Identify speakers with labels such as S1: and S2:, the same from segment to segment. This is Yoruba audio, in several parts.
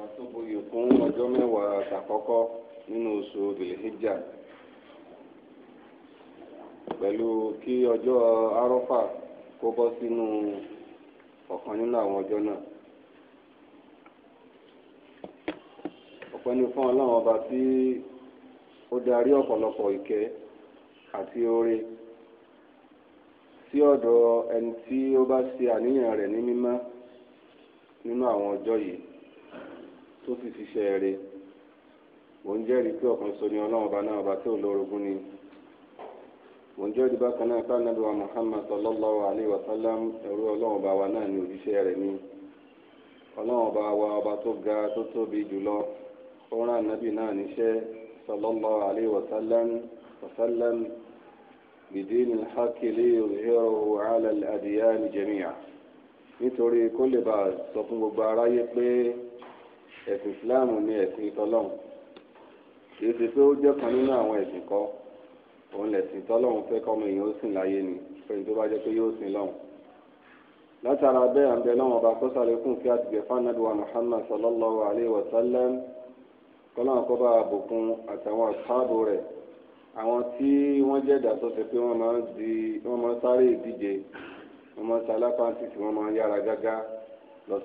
S1: ìgbà tó boyè fún ọjọ́ mẹ́wàá àkọ́kọ́ nínú oṣù bilhijjá pẹ̀lú kí ọjọ́ arọ́fà kó bọ́ sínú ọ̀kan nínú àwọn ọjọ́ náà. ọpẹ́ ni fún ọlọ́run ọba tí ó darí ọ̀pọ̀lọpọ̀ ìkẹ́ àti oore sí ọ̀dọ̀ ẹni tí ó bá ṣe àníyàn rẹ̀ ní mímọ́ nínú àwọn ọjọ́ yìí tó sì ṣiṣẹ́ rẹ̀ mò ń jẹ́rìí pé ọ̀kan ṣoṣo ni ọlọ́run ọba náà ọba tí ò lórogún ni mò ń jẹ́rìí bákan náà pé ànábì wa Muhammad sallallahu alayhi wa sallam ẹrú ọlọ́run ọba wa náà ni òjíṣẹ́ rẹ̀ ni ọlọ́run ọba wa ọba tó ga tó tóbi jùlọ ó rán ànábì náà níṣẹ́ sallallahu alayhi wa sallam wa sallam bìdín alhaqi liyuzhirahu ala al-adyan nítorí kó lè bá sọ fún gbogbo aráyé pé ẹ̀sìn ìsìláàmù ni ẹ̀sìn ìtọ́lọ́hún kìí ṣe pé ó jẹ́ kan nínú àwọn ẹ̀sìn kọ́ òun lẹ̀sìn ìtọ́lọ́hún fẹ́ kọ́mọ èèyàn ó sìn láyé ni fẹ́ni tó bá jẹ́ pé yóò sìn lọ́hùn látara bẹ́ẹ̀ à ń bẹ lọ́wọ́ ọba kó sàlékún kí àtìgbẹ́ fanaduwa Muhammad sallallahu alayhi wa sallam kọ́lọ́wọ́n kọ́ bá àbùkún àtàwọn àṣàbò rẹ̀ àwọn tí wọ́n jẹ́ ìdásọ́ ṣe pé wọ́n máa ń sáré ìdíje wọ́n máa ń salápá títí wọ́n máa ń yára gágá lọ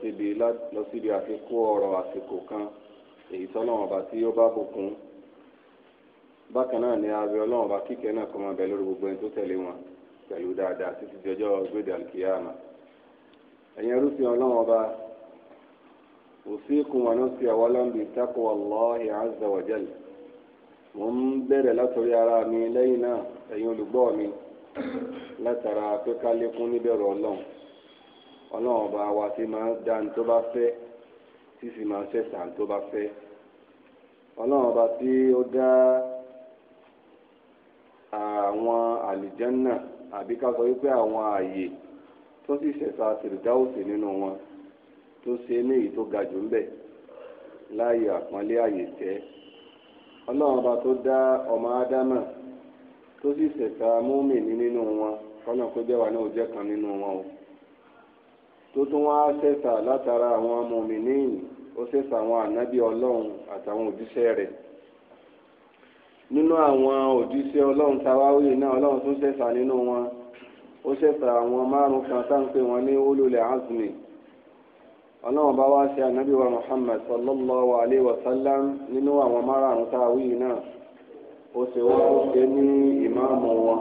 S1: síbi àfikún ọ̀rọ̀ àsìkò kan èyí tọ́lọ́wọ́n ọba tí ó bá bùkún bákan náà ni abẹ ọlọ́wọ́n ọba kíkẹ́ náà kọ́ máa bẹ lórí gbogbo ẹni tó tẹ̀lé wọn pẹ̀lú dáadáa títí di ọjọ́ gbèdé àlùkìyàmà ẹ̀yin ọba wọn náà sí tako mo ń bẹ̀rẹ̀ látara pé ká lékún níbẹ̀rù ọlọ́run ọba wa ti máa ń dá tó bá fẹ́ tí sì máa ń ṣẹ̀ṣà tó bá fẹ́ ọlọ́run ọba tí ó dá àwọn àlìjánná àbí ká sọ wípé àwọn ààyè tó sì ṣẹ̀ṣà sèrèdáwòsì nínú wọn tó ṣe ní èyí tó ga jù ń bẹ láàyè àpọ́nlé ọba tó tún wá ṣẹ̀ṣà látara àwọn mùmínín ó ṣẹ̀ṣà àwọn ànábì ọlọ́run àtàwọn òjíṣẹ́ rẹ̀ nínú àwọn òjíṣẹ́ ọlọ́run tawáwí náà ọlọ́run tún ṣẹ̀ṣà nínú wọn ó ṣẹ̀ṣà àwọn márùn kan sáńpé wọn ní olùlẹ̀ azmi ọlọ́run bá wá ṣe ànábì wa Muhammad sallallahu alayhi wa sallam nínú àwọn márùn tawáwí náà ó ṣe ó ṣe ní ìmáàmù wọn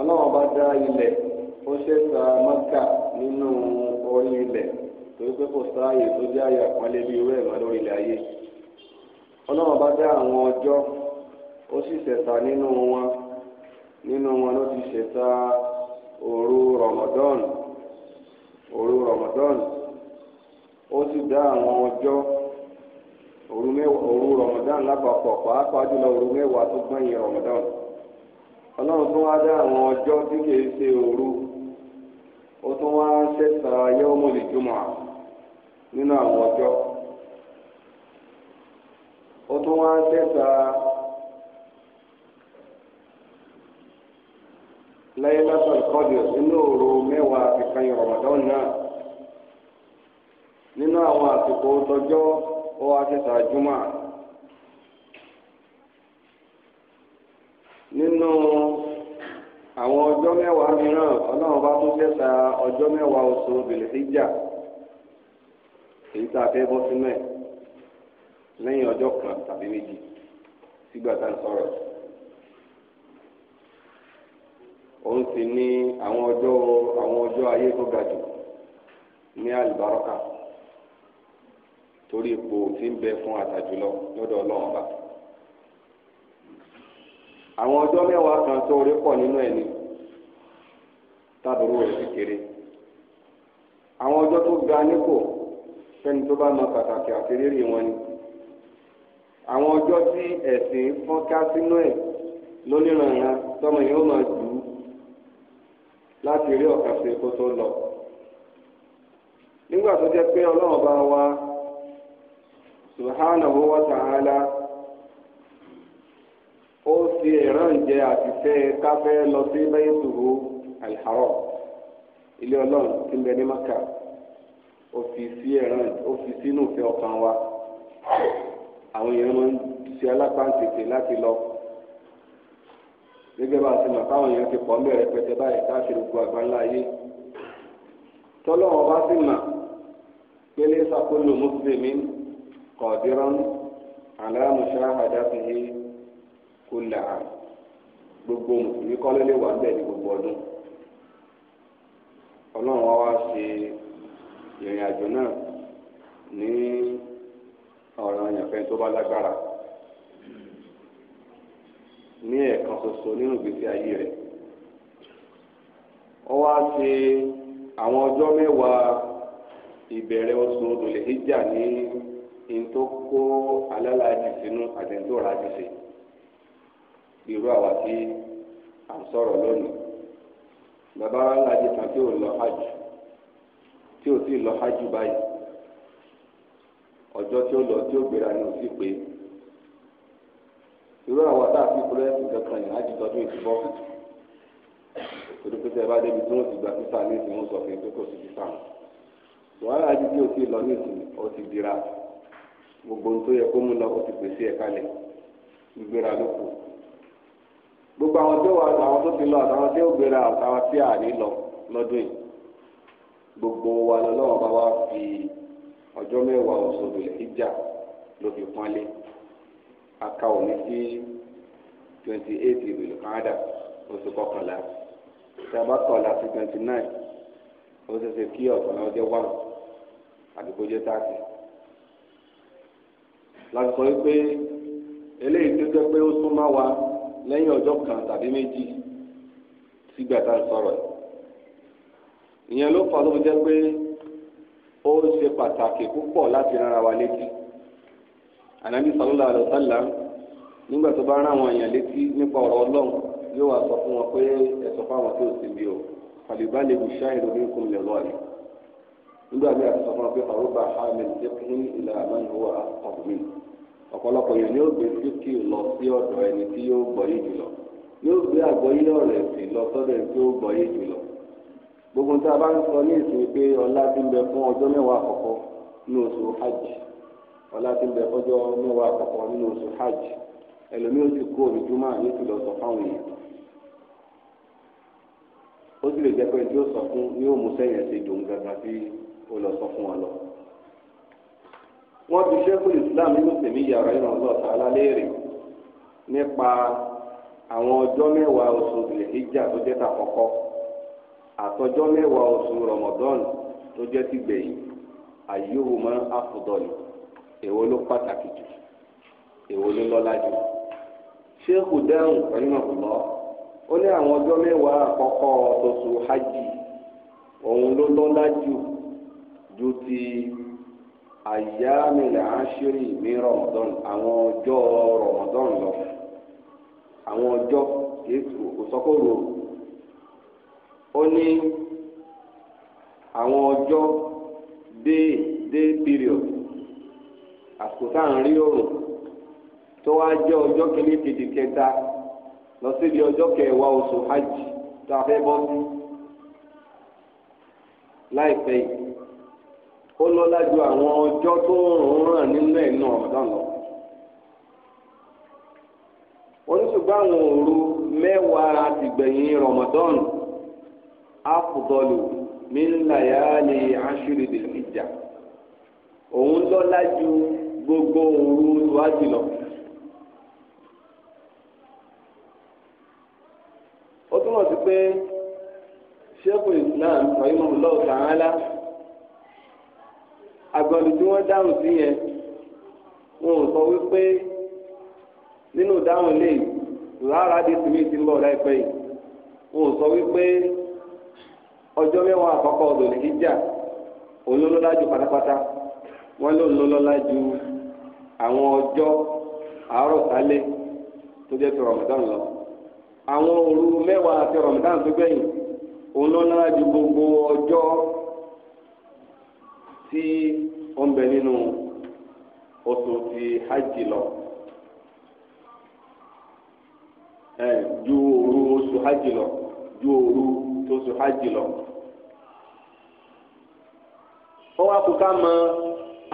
S1: ọlọ́run bá dá ilẹ̀ ó ṣẹ̀ṣà Mẹ́kà. nínú orí ilẹ̀ torí pé kò tó jẹ́ àyè bí irú ẹ̀ mọ́ lórí ilẹ̀ ayé ọlọ́run bá dá àwọn ọjọ́ ó sì ṣẹ̀ta nínú wọn nínú wọn ló ti ṣẹ̀ta òru Ramadan òru Ramadan ó sì dá àwọn ọjọ́ òru òru Ramadan lápapọ̀ pàápàá jùlọ òru mẹ́wàá tó gbẹ̀yìn Ramadan ọlọ́run tó ó tún wá ṣẹ̀ṣà yawmul jumu'ah nínú àwọn ọjọ́ ó tún wá ṣẹ̀ṣà Laylatul Qadr nínú òru mẹ́wàá ìkànnì Ramadan náà nínú àwọn àsìkò tọjọ́ ó wá ṣẹ̀ṣà jùmọ̀ àwọn ọjọ́ mẹ́wàá mìíràn ọlọ́run bá tún tẹ́ta ọjọ́ mẹ́wàá oṣù bìlìfíjà èyí tá a fẹ́ bọ́ sínú ẹ̀ lẹ́yìn ọjọ́ kan tàbí méjì sígbà tá a sọ̀rọ̀ òun sì ní àwọn ọjọ́ àwọn ọjọ́ ayé tó ga jù ní torí ipò tí ń bẹ tábìrú rẹ̀ sì kéré àwọn ọjọ́ tó ga nípò fẹ́ni tó bá mọ pàtàkì àti wọn ni àwọn ọjọ́ tí ẹ̀sìn fọ́nká sínú ẹ̀ tọmọ yìí ó máa dùn láti rí ọ̀kan ṣe tó lọ nígbà wa wa ta'ala ó àti fẹ́ káfẹ́ lọ sí tòwó. alharam ilé ọlọ́run tí bẹ ní maka ó ẹran wa àwọn èèyàn máa ń ṣe alápáǹtẹ̀tẹ̀ láti lọ gẹ́gẹ́ bá a ti mọ̀ táwọn èèyàn ti pọ̀ mẹ́rẹ̀ pẹ̀tẹ́ báyìí káàkiri gbogbo àgbáńlá ayé bá sì mà pé ní sàkólò gbogbo mùsùlùmí ọlọ́run wa wá ṣe ìrìn àjò náà ní ọ̀ràn àyànfẹ́ tó bá lágbára ní ẹ̀ẹ̀kan ṣoṣo nínú ìgbésí ayé rẹ̀ ó wá ṣe àwọn ọjọ́ mẹ́wàá ìbẹ̀rẹ̀ oṣù Dhul Hijja ní ntòkó alálàájì sínú àtẹ̀ntò ràjì sí irú àwa tí à ń sọ̀rọ̀ lónìí. bàbá wa ńlá jẹ kan tí ò lọ hajj tí ò sì lọ hajj báyìí ọjọ tí ó lọ tí ó gbéra ni ò sì pé irú àwọn tá a fi kúrẹ́ ẹ̀sìn yìí hajj tọdún ìtúbọ̀ n'otu bá débi tí wọ́n ti gba títà ní ìsìn wọn sọ fún kò hajj tí ò sì lọ ní ìsìn ó dira gbogbo ohun tó yẹ kó mú lọ ó ti pèsè ẹ̀ kalẹ̀ gbogbo àwọn tó wà àtàwọn tó ti lọ àtàwọn tí ó gbéra àtàwọn tí a ní lọ lọ́dún yìí gbogbo wa lọ́wọ́ bá wa fi ọjọ́ mẹ́wàá òṣòro ìjà ló fi pọ́nlé aka òní sí twenty eight ìbìlú Canada oṣù kọkànlá tí a bá kọ̀ọ̀lá sí twenty nine ó ṣe ṣe kí ọ̀sán náà jẹ́ one àdúgbò jẹ́ thirty láti sọ wípé eléyìí tó jẹ́ pé ó súnmọ́ wa lẹ́yìn ọjọ́ kan tàbí méjì sígbà tá à ń sọ̀rọ̀ ẹ̀ ìyẹn ló fà ló jẹ́ pé ó ṣe pàtàkì púpọ̀ láti rárá wa létí ànábì sallallahu alaihi wasallam nígbà tó bá rán àwọn èèyàn létí nípa ọ̀rọ̀ ọlọ́run yóò wá sọ fún wọn pé ẹ sọ fún tí ò sí bí o àlùbá lè bu ṣáà ní kùn lẹ́lọ́ rẹ̀ nígbà tí a sọ fún wọn pé ọ̀rọ̀ bá hàmì ṣe fún ìlà àmọ́ ìwà ọ̀gbìn ọ̀pọ̀lọpọ̀ yẹn yóò gbé fíkì lọ sí ọ̀dọ̀ ẹni tí yóò gbọ́ yìí jùlọ yóò gbé àgbọ́yé ọ̀rọ̀ ẹ̀sìn lọ sọ́dọ̀ ẹni tí yóò gbọ́ yìí jùlọ. gbogbo tí a bá ń sọ ní ìsìn pé ọlá ti ń bẹ fún ọjọ́ mẹ́wàá àkọ́kọ́ ní oṣù hajj ọlá ti ń bẹ fọjọ́ mẹ́wàá àkọ́kọ́ nínú oṣù hajj ẹlòmíì ó ti kó onídùúmọ́ àyè ti lọ sọ fáwọn èèyàn ó sì lè jẹ́ pé tí ó sọ fún ni ó mú sẹ́yìn ẹ̀sìn dùn tí ó lọ sọ fún wọn lọ wọ́n fi ṣẹ́kùn islam nínú tèmi yàrá ìrìn ọ̀dọ́ ọ̀tàlá léèrè nípa àwọn ọjọ́ mẹ́wàá oṣù ilẹ̀ hijab tó jẹ́ tàkọ́kọ́ àtọjọ́ mẹ́wàá oṣù ramadan tó jẹ́ ti gbẹ̀yìn ayyuhuma afdal èwo ló pàtàkì jù èwo ló lọ́lá jù ṣéèkù dáhùn ìrìn ọ̀dọ́ ó ní àwọn ọjọ́ mẹ́wàá àkọ́kọ́ oṣù hajj òun ló lọ́lá jù ju ti. àyàmìlẹ̀ àṣírí mi rọmọdọ́n àwọn ọjọ́ rọmọdọ́n lọ àwọn ọjọ́ kìí òsọkòrò ó ní àwọn ọjọ́ day day period àsìkò tá à ń rí òrùn tó wá jẹ ọjọ kìíní kejì kẹta lọ sí di ọjọ́ kẹwàá oṣù hajj a sí yìí. O lọ ju àwọn ọjọ́ tó ń ràn nínú ẹ̀ náà lọ. oníṣùgbọ́n àwọn òru mẹ́wàá ti gbẹ̀yìn Ramadan afudọ́lù min layali ashiri dil hijja òun lọ́lá ju gbogbo òru wájú lọ. ó túmọ̀ sí pé Sheikhul Islam rahimahullah ta'ala. àgbọ̀nù tí wọ́n dáhùn sí yẹn wọn ò sọ wípé nínú dáhùn lè rárá di tìmí ti ń bọ̀ láìpẹ́ yìí wọn ò sọ wípé ọjọ́ mẹ́wàá àkọ́kọ́ ọ̀dọ̀ lè jíjà olólọ́lájú pátápátá wọ́n ló ń àwọn ọjọ́ àárọ̀ sálẹ̀ tó jẹ́ gbogbo ọjọ́ tí ó ń bẹ nínú oṣù ti hajj lọ ẹ ju òru oṣù hajj lọ ju òru oṣù hajj lọ ó wá kó ká mọ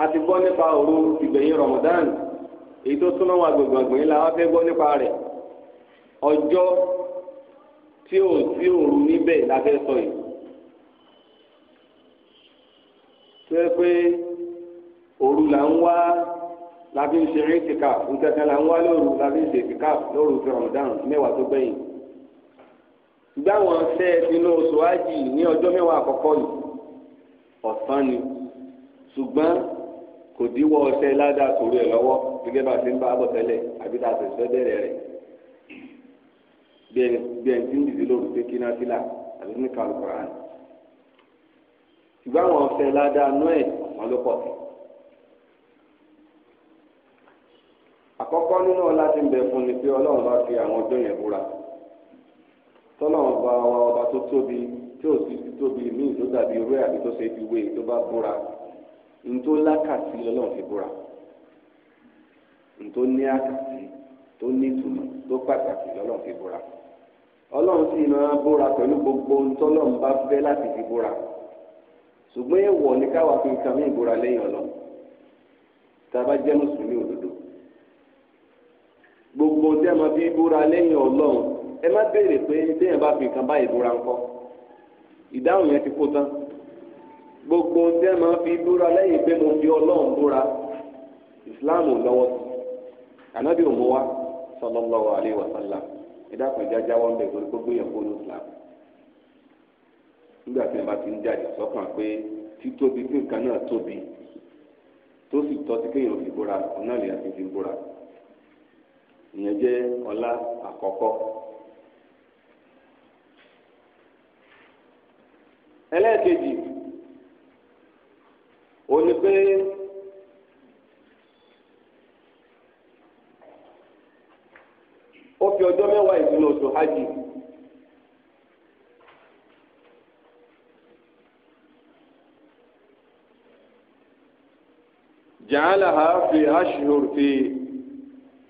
S1: àti gbọ́ nípa òru ìgbẹ̀yìn Ramadan èyí tó súnmọ́ wọn agbègbè la wá fẹ́ gbọ́ nípa rẹ̀ ọjọ́ tí jẹ́ pé òru là ń wá la fi ń ṣe ìtìkà nǹkan kan là ń wá lóru la fi ń ṣe ìtìkà lóru fi Ramadan mẹ́wàá tó gbẹ̀yìn ìgbà wọn ṣe inú oṣù ájì ní ọjọ́ mẹ́wàá àkọ́kọ́ yìí ọ̀sán ni ṣùgbọ́n kò díwọ́ ọṣẹ ládàá sórí ẹ̀ lọ́wọ́ gẹ́gẹ́ bá a ṣe ń bá a bọ̀ tẹ́lẹ̀ àbí tá a ṣe fẹ́ bẹ̀rẹ̀ rẹ̀ bí ẹni ń dìde lóru pé kí ṣùgbọ́n àwọn ọ̀fẹ́ ládàá nú ẹ̀ wọn ló pọ̀ sí. àkọ́kọ́ nínú ọlá tí ń bẹ fún ni pé ọlọ́run bá fi àwọn ọjọ́ yẹn búra tọ́lọ́run bá wa ọba tó tóbi tí ò sí ti tóbi míì tó dàbí ewé àbí tó ṣe fi wé tó bá búra ntó lákàtí lọ́lọ́run fi búra ntó ní àkàtí tó ní ìtumọ̀ tó pàtàkì lọ́lọ́run fi búra ọlọ́run sì máa búra pẹ̀lú gbogbo ntọ́lọ́run bá fẹ́ láti fi búra ṣùgbọ́n èèwọ̀ ní káwa fi nǹkan mí ìbúra lẹ́yìn ọlọ́run tá a bá jẹ́ mùsùlùmí òdodo gbogbo tí a máa fi búra lẹ́yìn ọlọ́run ẹ má béèrè pé téèyàn bá fi nǹkan bá ìbúra ńkọ́ ìdáhùn yẹn ti kó tán gbogbo tí a máa fi búra lẹ́yìn pé mo fi ọlọ́run búra ìsìláàmù lọ́wọ́ sí ànábì òmùwá sallallahu alaihi wasallam ìdáhùn ìjájá wọn bẹ̀ torí gbogbo yẹn kó ní ìsìláàmù. nígbà tí wọn ti ń jáde sọ́kàn pé títóbi tí nǹkan náà tóbi tó sì tọ́ sí kéèyàn fi bóra ọ̀nà lè àti fi bóra ìyẹn jẹ́ ọlá àkọ́kọ́. ẹlẹ́ẹ̀kejì ó ní pé ó fi ọjọ́ mẹ́wàá ìdúró oṣù hajj. جعلها في أشهر في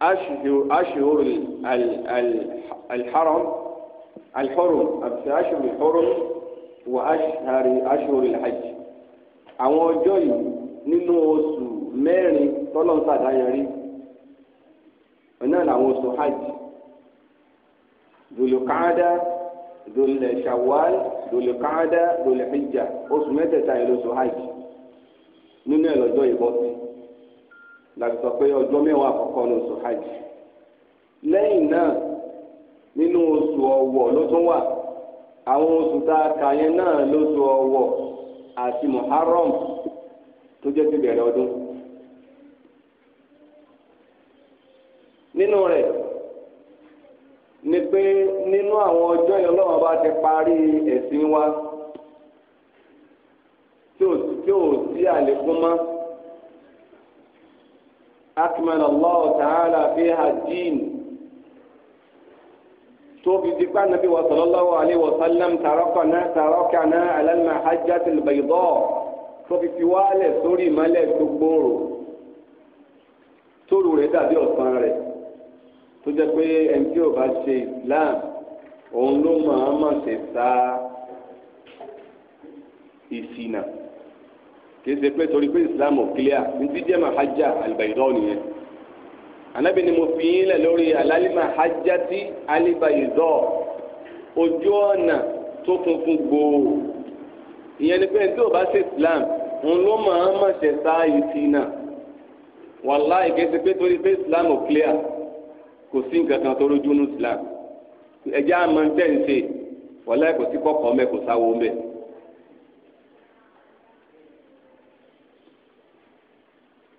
S1: أشهر أشهر الحرم الحرم في أشهر الحرم وأشهر أشهر الحج àwọn ọjọ́ yìí nínú oṣù mẹ́rin tọ́lọ́ǹsà dáyẹrí náà làwọn oṣù hajj dùlùkàdá dùlùṣàwàl dùlùkàdá dùlùhijja oṣù mẹ́tẹ̀ẹ̀ta yìí lóṣù hajj nínú ẹ̀ lọ́jọ́ ìbọ́sí láti sọ pé ọjọ́ mẹ́wàá àkọ́kọ́ ní oṣù hajj lẹ́yìn náà nínú oṣù ọ̀wọ̀ ló tún wà àwọn oṣù tá a kà yẹn náà lóṣù ọ̀wọ̀ àti muharram tó jẹ́ ti bẹ̀rẹ̀ ọdún. nínú rẹ̀ ni pé nínú àwọn ọjọ́ yẹn Ọlọ́run bá ti parí ẹ̀sìn wa tí ò sí àlékún mọ́ akmal allah ta'ala fiha din tóbi di pa nabi wa sallallahu alayhi wa sallam tarakana tarakana alal mahajjati albayda tóbi fi wálẹ̀ sórí ìmọ̀lẹ̀ gbogbooro tóru rẹ̀ dàbí ọ̀sán rẹ̀ tó jẹ́ pé ẹni tí ò bá ṣe islam òun ló máa ń mọ̀ ṣe sá ìṣìnà kì í ṣe pé torí pé islam ò clear ntí jẹ́ mahajja albaidọ́ nìyẹn anabi ni mo fi yín lẹ̀ lórí alalima hajjati alibaidọ́ ojú ọ̀nà tó funfun gbòò ìyẹn ni pé tí o bá ṣe islam ń ló máa ń mọ̀ ṣẹ̀ sáàyè sí náà wàláì kì í ṣe pé torí pé islam ò clear kò sí nǹkan kan tó rújú ní islam ẹ̀jẹ̀ àmọ́ ń tẹ̀ ń ṣe wàláì kò sí kọ́kọ́ mẹ́ kò sáwo mẹ́.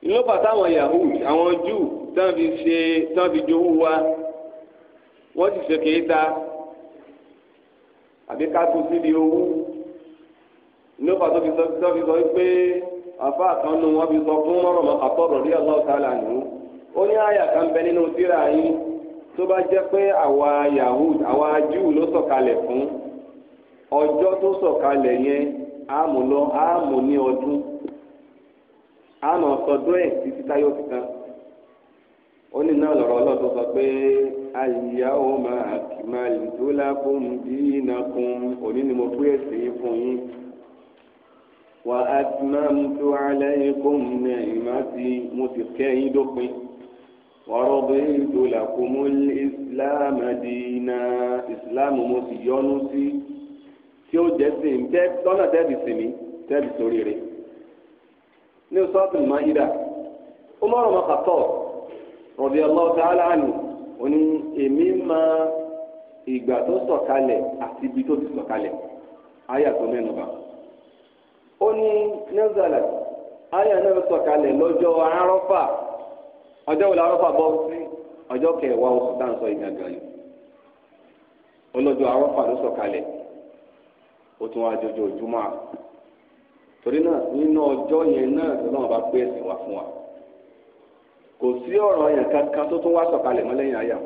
S1: ló fà táwọn Yahud àwọn Júù tán fi ṣe tán fi jowú wa wọ́n sì ṣe kéétà àbí ká tó síbi owó ló fà tó fi sọ tó fi sọ pé àfa kan nu wọn fi sọ fún mọ́rọ̀ mọ́ àtọ́rọ̀ rí ọlọ́ọ̀ sálà nù ó ní àyà kan bẹ nínú tírà yín tó bá jẹ́ pé àwa Yahud àwa Júù ló sọ̀kalẹ̀ fún ọjọ́ tó sọ̀kalẹ̀ yẹn àmúlọ àmú ní ọdún àmọ́ sọdún ẹ̀ títí táyọ̀ fi tán ó ní náà lọ́rọ̀ ọlọ́dún sọ pé àyíyáwó máa kì máa lè tó lákùn bí iná kun òní ni mo pé ẹ̀sìn fún yín wà á ti máa mú tó alẹ́ yín kó mú ní ìmá ti mo sì kẹ́ yín dópin wọ́rọ̀ bí tó lákùn mú dínà ìsìláàmù mo sì yọ́nú sí tí ó jẹ́ sìn tẹ́ lọ́nà tẹ́ẹ̀bì sìn mí tẹ́ẹ̀bì sórí rẹ̀. ní sọ́ọ̀tún mahida umar makatọ rọ̀bì allahu ta'ala anhu òní èmi máa ìgbà tó sọ̀kalẹ̀ àti ibi tó ti sọ̀kalẹ̀ àyà tó mẹ́nu bá ó ní nazala àyà náà sọ̀kalẹ̀ lọ́jọ́ arọ́fà ọjọ́ wo la arọ́fà bọ́ sí ọjọ́ kẹwàá oṣù tá à ń sọ torí náà nínú ọjọ́ yẹn náà lọ́wọ́ bá pé ẹ̀sìn wá fún wa kò sí ọ̀rọ̀ yẹn kankan tó tún wá sọ̀kalẹ̀ mọ́ lẹ́yìn àyà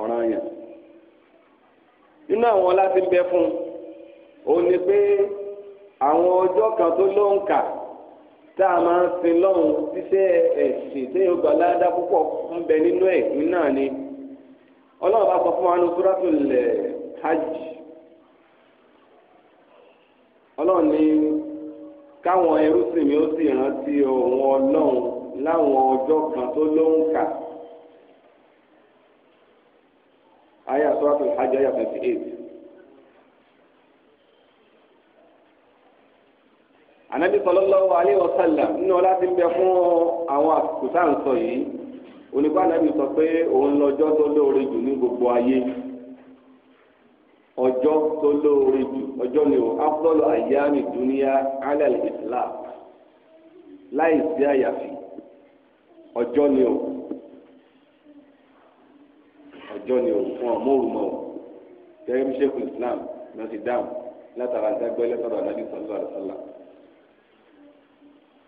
S1: ọ̀ràn yẹn nínú àwọn ọlá tí ń bẹ fún un ó ní pé àwọn ọjọ́ kan tó ló ń kà tá a máa ń sin lọ́hùn ṣíṣe ẹ̀sìn téèyàn gbà ládá púpọ̀ ń bẹ nínú ẹ̀ nínú náà ọlọ́run bá sọ fún wa ní suratul hajj ọlọ́run ní káwọn ẹrúsìn mi ó sì rántí òun ọlọ́run láwọn ọjọ́ kan tó lóǹkà. ayé àtúrátò ìhájá ayé twenty eight. anabi sallallahu alayhi wa sallam nínú ọlá tí ń bẹ fún àwọn àsìkò tá à ń sọ yìí onígbà anabi sọ pé òun lọ́jọ́ tó lóore jù ní gbogbo ayé ọjọ́ tó lóore jù ọjọ́ ni o afdọ́lù àyàmì dúníyà alal islam láì sí àyàfi ọjọ́ ni o ọjọ́ ni o fún ọmọọ̀rùmọ̀ o gẹ́gẹ́ bí sheikh islam náà ti dáhùn látara àdágbé lẹ́tọ̀rọ̀ àdájú sallallahu alaihi wasallam.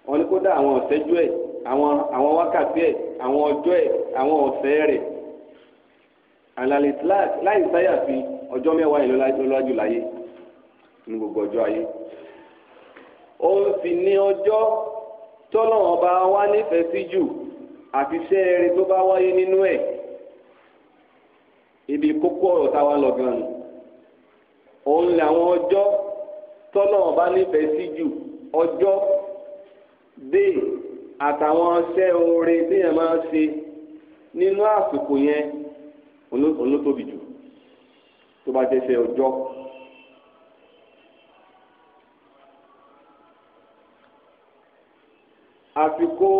S1: wọ́n ní kódà àwọn ọ̀sẹ́jú ẹ̀ àwọn wákàtí ẹ̀ àwọn ọjọ́ ẹ̀ àwọn ọ̀sẹ̀ rẹ̀ alal islam láì sáyàfi ọjọ́ mẹ́wàá yìí lọ́lájú láyé ní gbogbo ọjọ́ ayé òun sì ní ọjọ́ tọ́lọ́wọ́n bá wá nífẹ̀ẹ́ sí jù àti iṣẹ́ tó bá wáyé nínú ẹ̀ ibi kókó ọ̀rọ̀ táwa lọ gan nù òun làwọn ọjọ́ tọ́lọ́wọ́n bá nífẹ̀ẹ́ sí jù ọjọ́ dé àtàwọn iṣẹ́ oore téèyàn máa ń ṣe nínú àsìkò yẹn olótóbi jù tó bá jẹ́ ṣe ọjọ́. àsìkò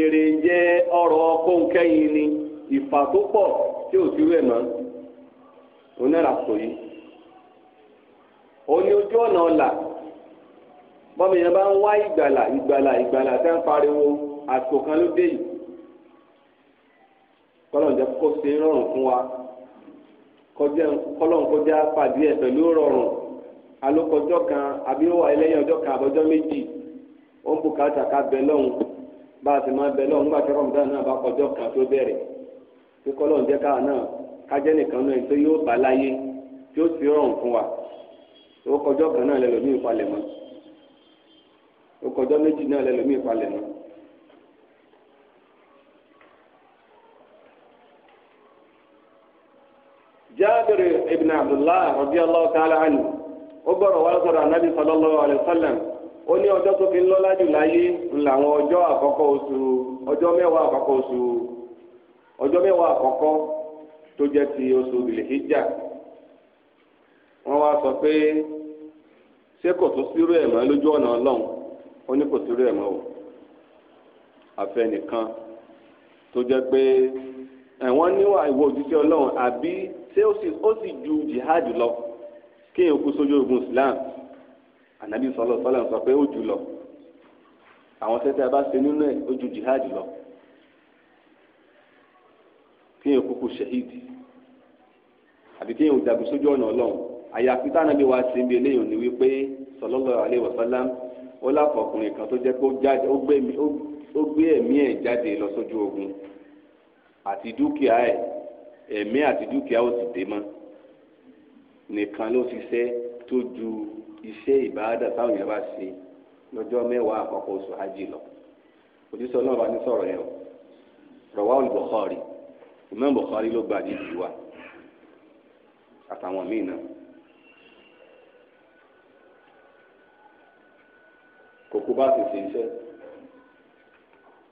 S1: èrè jẹ́ ọ̀rọ̀ kóńkẹ́yìn ni ìfà tó pọ̀ tí ò sí rẹ̀ mọ́ oníràpò yìí òní ojú ọ̀nà ọ̀la bọ́mọ yẹn bá ń wá ìgbàlà ìgbàlà ìgbàlà tẹ́ ń pariwo ló dé yìí rọrùn fún wa. kọjá kọlọ́n kọjá pàdé ẹ̀ pẹ̀lú rọrùn alókọjọ́ kan àbí ó wà ẹlẹ́yìn ọjọ́ kan àbọ̀jọ́ méjì ó ń bùkátà ká bẹ lọ́hùn bá a sì máa bẹ lọ́hùn bá kọjọ́ kan tó bẹ̀rẹ̀ nìkan náà tó yóò bá láyé tí ó rọrùn fún wa ó kọjọ́ kan náà jabir ibn abdullah radiyallahu ta'ala anhu ó gbọ́dọ̀ wá sọ̀rọ̀ anabi sallallahu alayhi wa sallam ó ní ọjọ́ tó fi ń lọ́lá jù láyé làwọn ọjọ àkọ́kọ́ oṣù ọjọ mẹ́wàá àkọ́kọ́ oṣù ọjọ́ tó jẹ ti sọ pé ṣé kò tún sírú lójú ọ̀nà ọlọ́run o àfẹnìkan tó pé níwà ìwọ ṣé ó sì ju jihad lọ kéèyàn kú sójú ogun islam ànábì sọlọ sọlọ sọ pé ó jù lọ àwọn tẹ́tẹ́ a bá ju jihad lọ kéèyàn kúkú shahidi àbí kéèyàn jagun sójú ọ̀nà ọlọ́run àyàfi tánàbí wa ṣe ń bi eléyìí ni wípé sallallahu alaihi wasallam ó láfọkùnrin kan tó jẹ́ pé ó gbé ẹ̀mí ẹ̀ lọ sójú ogun àti dúkìá ẹ̀ ẹ̀mí àti dúkìá ò sì dé mọ́ nìkan ló ṣiṣẹ́ tó ju iṣẹ́ ìbáradà táwọn yẹn bá ṣe lọ́jọ́ mẹ́wàá àkọ́kọ́ oṣù hajj lọ òjíṣẹ́ Ọlọ́run bá ní sọ̀rọ̀ yẹn o rọwá olùbọkọrì Imam Bukhari ló gba àdìdì wa àtàwọn míì náà kókó bá ti ṣe iṣẹ́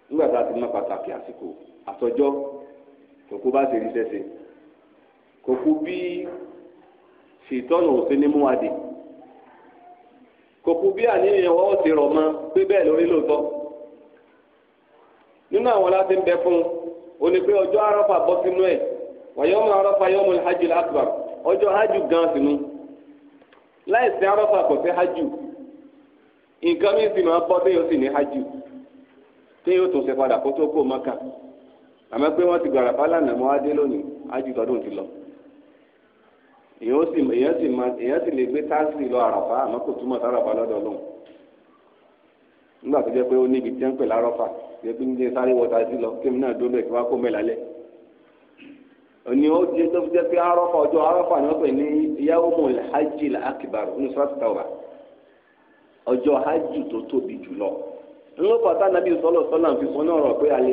S1: nígbà tá a ti mọ̀ pàtàkì àsìkò àtọjọ́ kòkó bá ti rí sẹsẹ kòkó bí ṣètọ́nù òsín ní múwadì kò kú bí àníyàn wọn ti rọ̀ mọ́ pé bẹ́ẹ̀ lórí lóòótọ́ nínú àwọn láti ń bẹ fún un ó ní pé ọjọ́ arọ́fà bọ́ sínú ẹ̀ wàyọ́mọ arọ́fà yọ́mọ hajj ọjọ́ hajj gan sínú arọ́fà kò sí hajj àmọ́ pé wọ́n ti gbàrà fálànà mọ́ adé lónìí ájú tọdún ti lọ èèyàn sì lè gbé táàsì lọ àràfà àmọ́ kò túmọ̀ sáràfà lọ́dọ̀ lóhùn nígbà tó jẹ́ pé ó níbi tí wọ́n pè lárọ́fà jẹ́ pé níbi sáré wọ́ta sí lọ kí èmi náà dó bẹ́ẹ̀ kí wọ́n kó mẹ́ lálẹ́ òní ó jẹ́ tó jẹ́ pé arọ́fà ọjọ́ arọ́fà ni wọ́n pè ní yawmul hajjil akbar ní sọ́ọ̀tì tàwà ọjọ́ hajj tó tóbi jùlọ ńlọ́pàá tá nàbí sọ́lọ̀ sọ́lá fi sọ náà rọ̀ pé àlè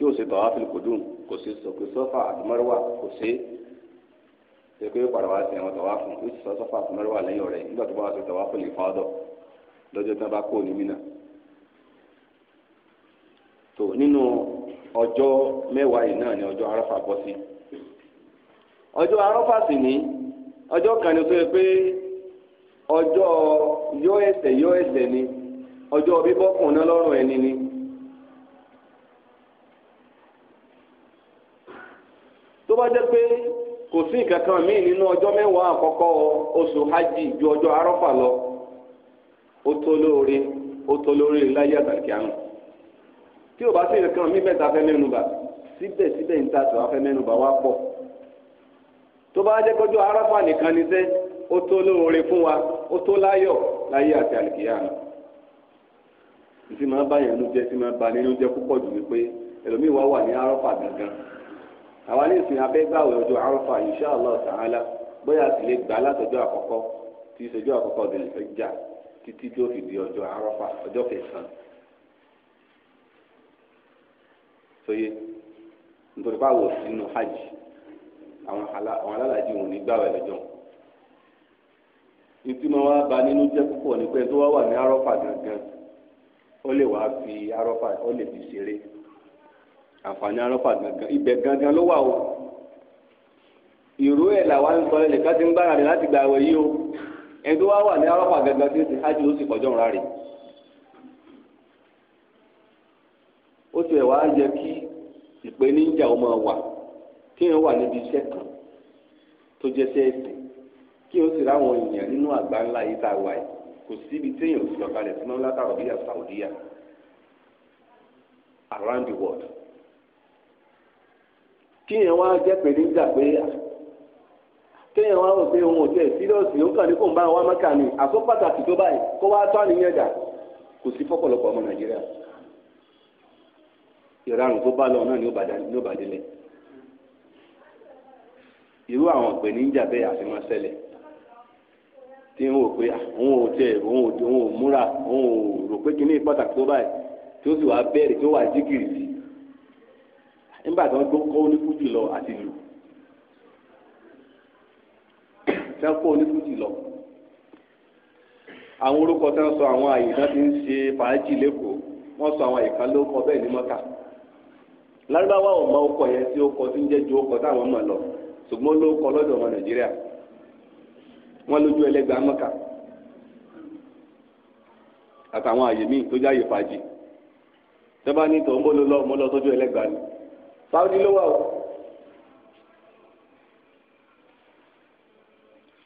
S1: tí o ṣe tọ̀ áfíìlì kùdùn kò ṣe sọ̀kè sọ́fà àtúmọ́rẹ́wà kò ṣe pé padà wá sí àwọn fún sọ sọ́fà àtúmọ́rẹ́wà lẹ́yìn ọ̀rẹ́ nígbà tó bá sí fún lọ́jọ́ tí wọ́n bá kó ní mí ni ọjọ́ arọ́fà bọ́ sí. ni tó yẹ pé ọjọ́ yọ ẹsẹ̀ bá jẹ́ pé kò sí nǹkan kan míì nínú ọjọ́ hajj ju ọjọ́ arọ́fà lọ ó tó lóore ó tó lóore láyé àtàkìánu tí ò bá sí nǹkan míì mẹ́ta fẹ́ mẹ́nu bà síbẹ̀síbẹ̀ ní ta fẹ́ mẹ́nu bà wá pọ̀ tó bá jẹ́ arọ́fà nìkan wa ó tó láyọ̀ láyé àti àlìkìyánu ìsì máa bá yẹn nu jẹ́ sí máa bà nínú jẹ́ púpọ̀ jù ẹlòmíì wá wà ní arọ́fà àwa ní ìsìn abẹ́gbàwé ọjọ́ arọ́fà insha Allah ta'ala bóyá sì lè gbà látọjọ́ àkọ́kọ́ tí ìṣẹ́jọ́ àkọ́kọ́ ọdún ìfẹ́jà títí tí ó fi di ọjọ́ arọ́fà ọjọ́ kẹsàn-án. sóye nítorí báwo sínú hajj àwọn alálàájì wọn ní gbàwé lọ́jọ́ ìtí mo wá ba nínú jẹ́ púpọ̀ ní pé tó wá wà ní arọ́fà gangan ó lè fi arọ́fà ó lè fi ṣeré. àǹfààní arọ́fà gangan ibẹ̀ gangan ló wà o ìró ẹ̀ làwa ń sọ ẹ̀ nìkan ti ń bára rẹ̀ láti gbà wẹ̀ yí o ẹni tó wá wà ní arọ́fà gangan tí ó ti hájú ó sì kọjọ́ òǹra rẹ̀ ó ti ẹ̀ wá yẹ kí ìpèníjà ọmọ wà kí n wà níbi iṣẹ́ kan tó jẹ́ iṣẹ́ ẹ̀sìn kí n sì ráwọn èèyàn nínú àgbá ńlá yìí tá a wà yìí kò síbi téèyàn ò sì lọ kalẹ̀ sínú látàrọ̀ around the world. kíyàn wá jẹ́ pèlú ìjà pé kéèyàn wá pé òun ò tiẹ̀ síríọ̀sì ó kàn ní kò ń bá wa mọ́kà ni àtó pàtàkì tó báyìí kó wá tó àníyàn dà kò sí fọ́pọ̀lọpọ̀ ọmọ nàìjíríà ìrarùn tó bá lọ náà ni ó bá délẹ̀ irú àwọn bẹ́ẹ̀ àti máa ṣẹlẹ̀ tí ń wò pé òun ò tiẹ̀ òun ò múra òun ò rò pé pàtàkì tó báyìí tí nígbà tí wọ́n tó kọ́ onífújì lọ àti lù tí wọ́n kọ́ onífújì lọ àwọn orúkọ tí wọ́n sọ àwọn àyè náà ti ń ṣe fàájì lẹ́kọ̀ọ́ wọ́n sọ àwọn àyè kan ló kọ bẹ́ẹ̀ ní mọ́ta lárúbáwá ò mọ ọkọ yẹn tí ó kọ tí ń jẹ́ ju ọkọ táwọn mọ̀ lọ ṣùgbọ́n ló kọ lọ́dọ̀ ọmọ nàìjíríà wọ́n lójú ẹlẹ́gbàá mọ́ka àtàwọn àyè míì tó jáyè fàájì tẹ́bá ní tòun bó ló lọ́ lọ sójú ẹlẹ́gbàá ni. sáwọ́dí ló wà o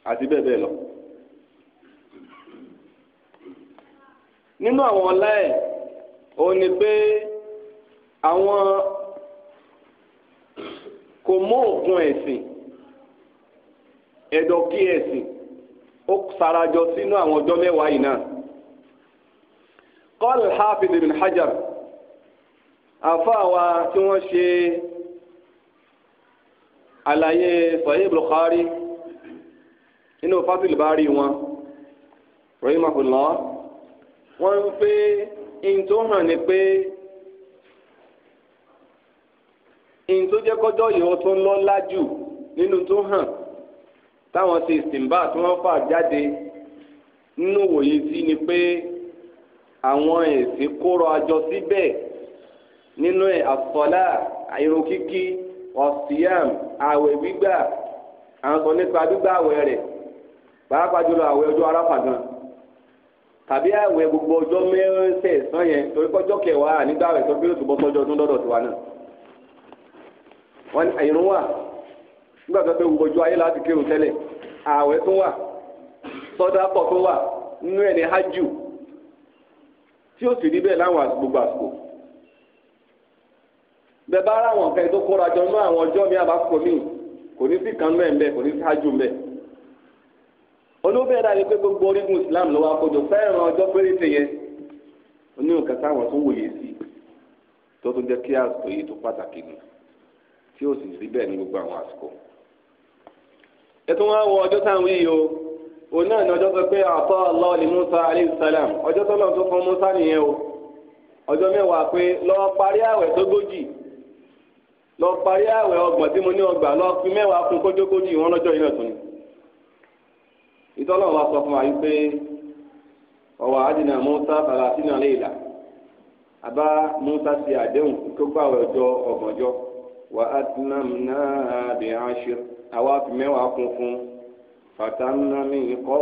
S1: àti bẹ́ẹ̀ bẹ́ẹ̀ lọ. nínú àwọn ọlá ẹ̀ òun ni pé àwọn kò mú òkun ẹ̀sìn ẹ̀dọ̀kí ẹ̀sìn ó sarajọ sínú àwọn ọjọ́ mẹ́wàá yìí náà. قال الحافظ بن حجر Afaawa wa tí wọ́n ṣe àlàyé Sahih Bukhari nínú Fathul Bari wọn rahimahullah wọ́n ń pé ihun tó hàn ní pé ihun tó jẹ́ kọjọ́ yìí ó tó ń lọ́lá jù nínú tó hàn táwọn ti ìsìnbà tí wọ́n fà jáde nínú wòye sí ni pé àwọn èsì kóra jọ síbẹ̀. Si nínú ẹ̀ àfọlá irun kíkí ọ̀síyàm àwẹ̀ gbígbà àwọn sọ nípa gbígbà àwẹ̀ rẹ̀ pàápàá jùlọ àwẹ̀ ọjọ́ aráfà gan tàbí àwẹ̀ gbogbo ọjọ́ mẹ́rẹ̀ẹ́sẹ̀sán yẹn torí pọ́jọ́ kẹwàá nígbà àwẹ̀ tó bí oṣù bọ́ sọ́jọ́ ọdún lọ́dọ̀ tiwa náà wọn irun wà nígbà tó fẹ́ gbogbo ojú ayé láti kírun tẹ́lẹ̀ àwẹ̀ tún wà sọ́dá pọ̀ tún wà nínú ẹ̀ ní hajj bẹ́ẹ̀ bá ara wọn nǹkan tó kóra jọ nínú àwọn ọjọ́ mi àbákò mi kò ní sí kan mẹ́ mbẹ́ kò ní sí ájú mbẹ́ olóbẹ̀rẹ̀ àyè pé gbogbo orígun Islam ló wá kojú fẹ́ràn ọjọ́ péréte yẹn oní onye táwọn tó wòye sí tó tún jẹ́ kí àsìkò yìí tó pàtàkì nù tí ó sì rí bẹ́ẹ̀ ní gbogbo àwọn àsìkò ẹ tún wá wọ ọjọ́ táwọn yìí o òun náà ní ọjọ́ salam ọjọ́ tó lọ́n fún lọ parí àwẹ̀ ọgbọ̀n tí mo ní ọgbà lọ fi mẹ́wàá kún kójókójì wọn lọ́jọ́ iná tún ni ìtọ́lọ́ wa sọ fún wa yìí pé ọ̀wà àdínà Musa ti àdéhùn àwẹ̀ ọjọ́ ọgbọ̀njọ́ wà á náà bí a ṣe àwa fi mẹ́wàá kún fún fatanna mi kọ́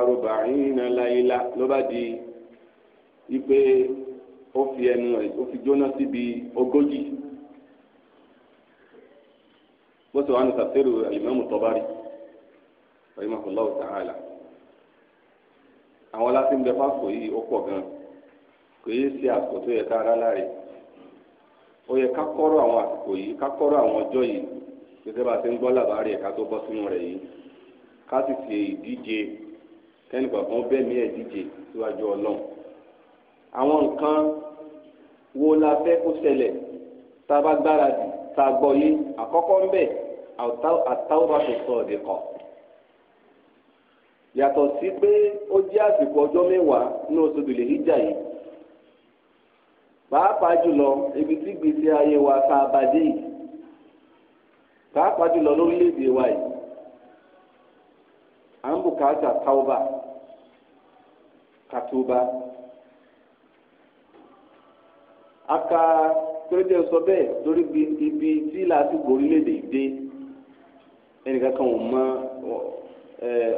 S1: arúgbà yìí láyélá ló bá di ipe ó fi ẹnu بصوا ti wà الإمام الطبري، alimami الله rahimahullahu ta'ala àwọn láti ń bẹ fáfò yìí ó pọ̀ gan kò yé sí àsìkò tó yẹ ká ara láre ó yẹ ká kọ́rọ̀ àwọn àsìkò yìí ká kọ́rọ̀ àwọn ọjọ́ yìí gẹ́gẹ́ bá a ti ń gbọ́ làbárí ẹ̀ka tó bọ́ sínú rẹ̀ yìí ká sì ṣe ìdíje kẹ́nìkan kan bẹ́ẹ̀ ẹ̀ díje síwájú ọlọ́run àwọn nǹkan wo la fẹ́ kó ṣẹlẹ̀ tá a bá gbáradì ta a akọkọ yé àkọ́kọ́ ń di àtàwùrọ̀tì sọ̀dì kọ̀ pé ó jẹ́ àsìkò ọjọ́ mẹ́wàá ní oṣù tòlè híjà yìí pàápàá jùlọ ibi tí gbèsè ayé wa tá a yìí pàápàá jùlọ wa yìí à ń bùkátà aka. kérédé sọ bẹ́ẹ̀ torí ibi tí làásìgbò orílẹ̀-èdè dé ẹnìkan kan ò mọ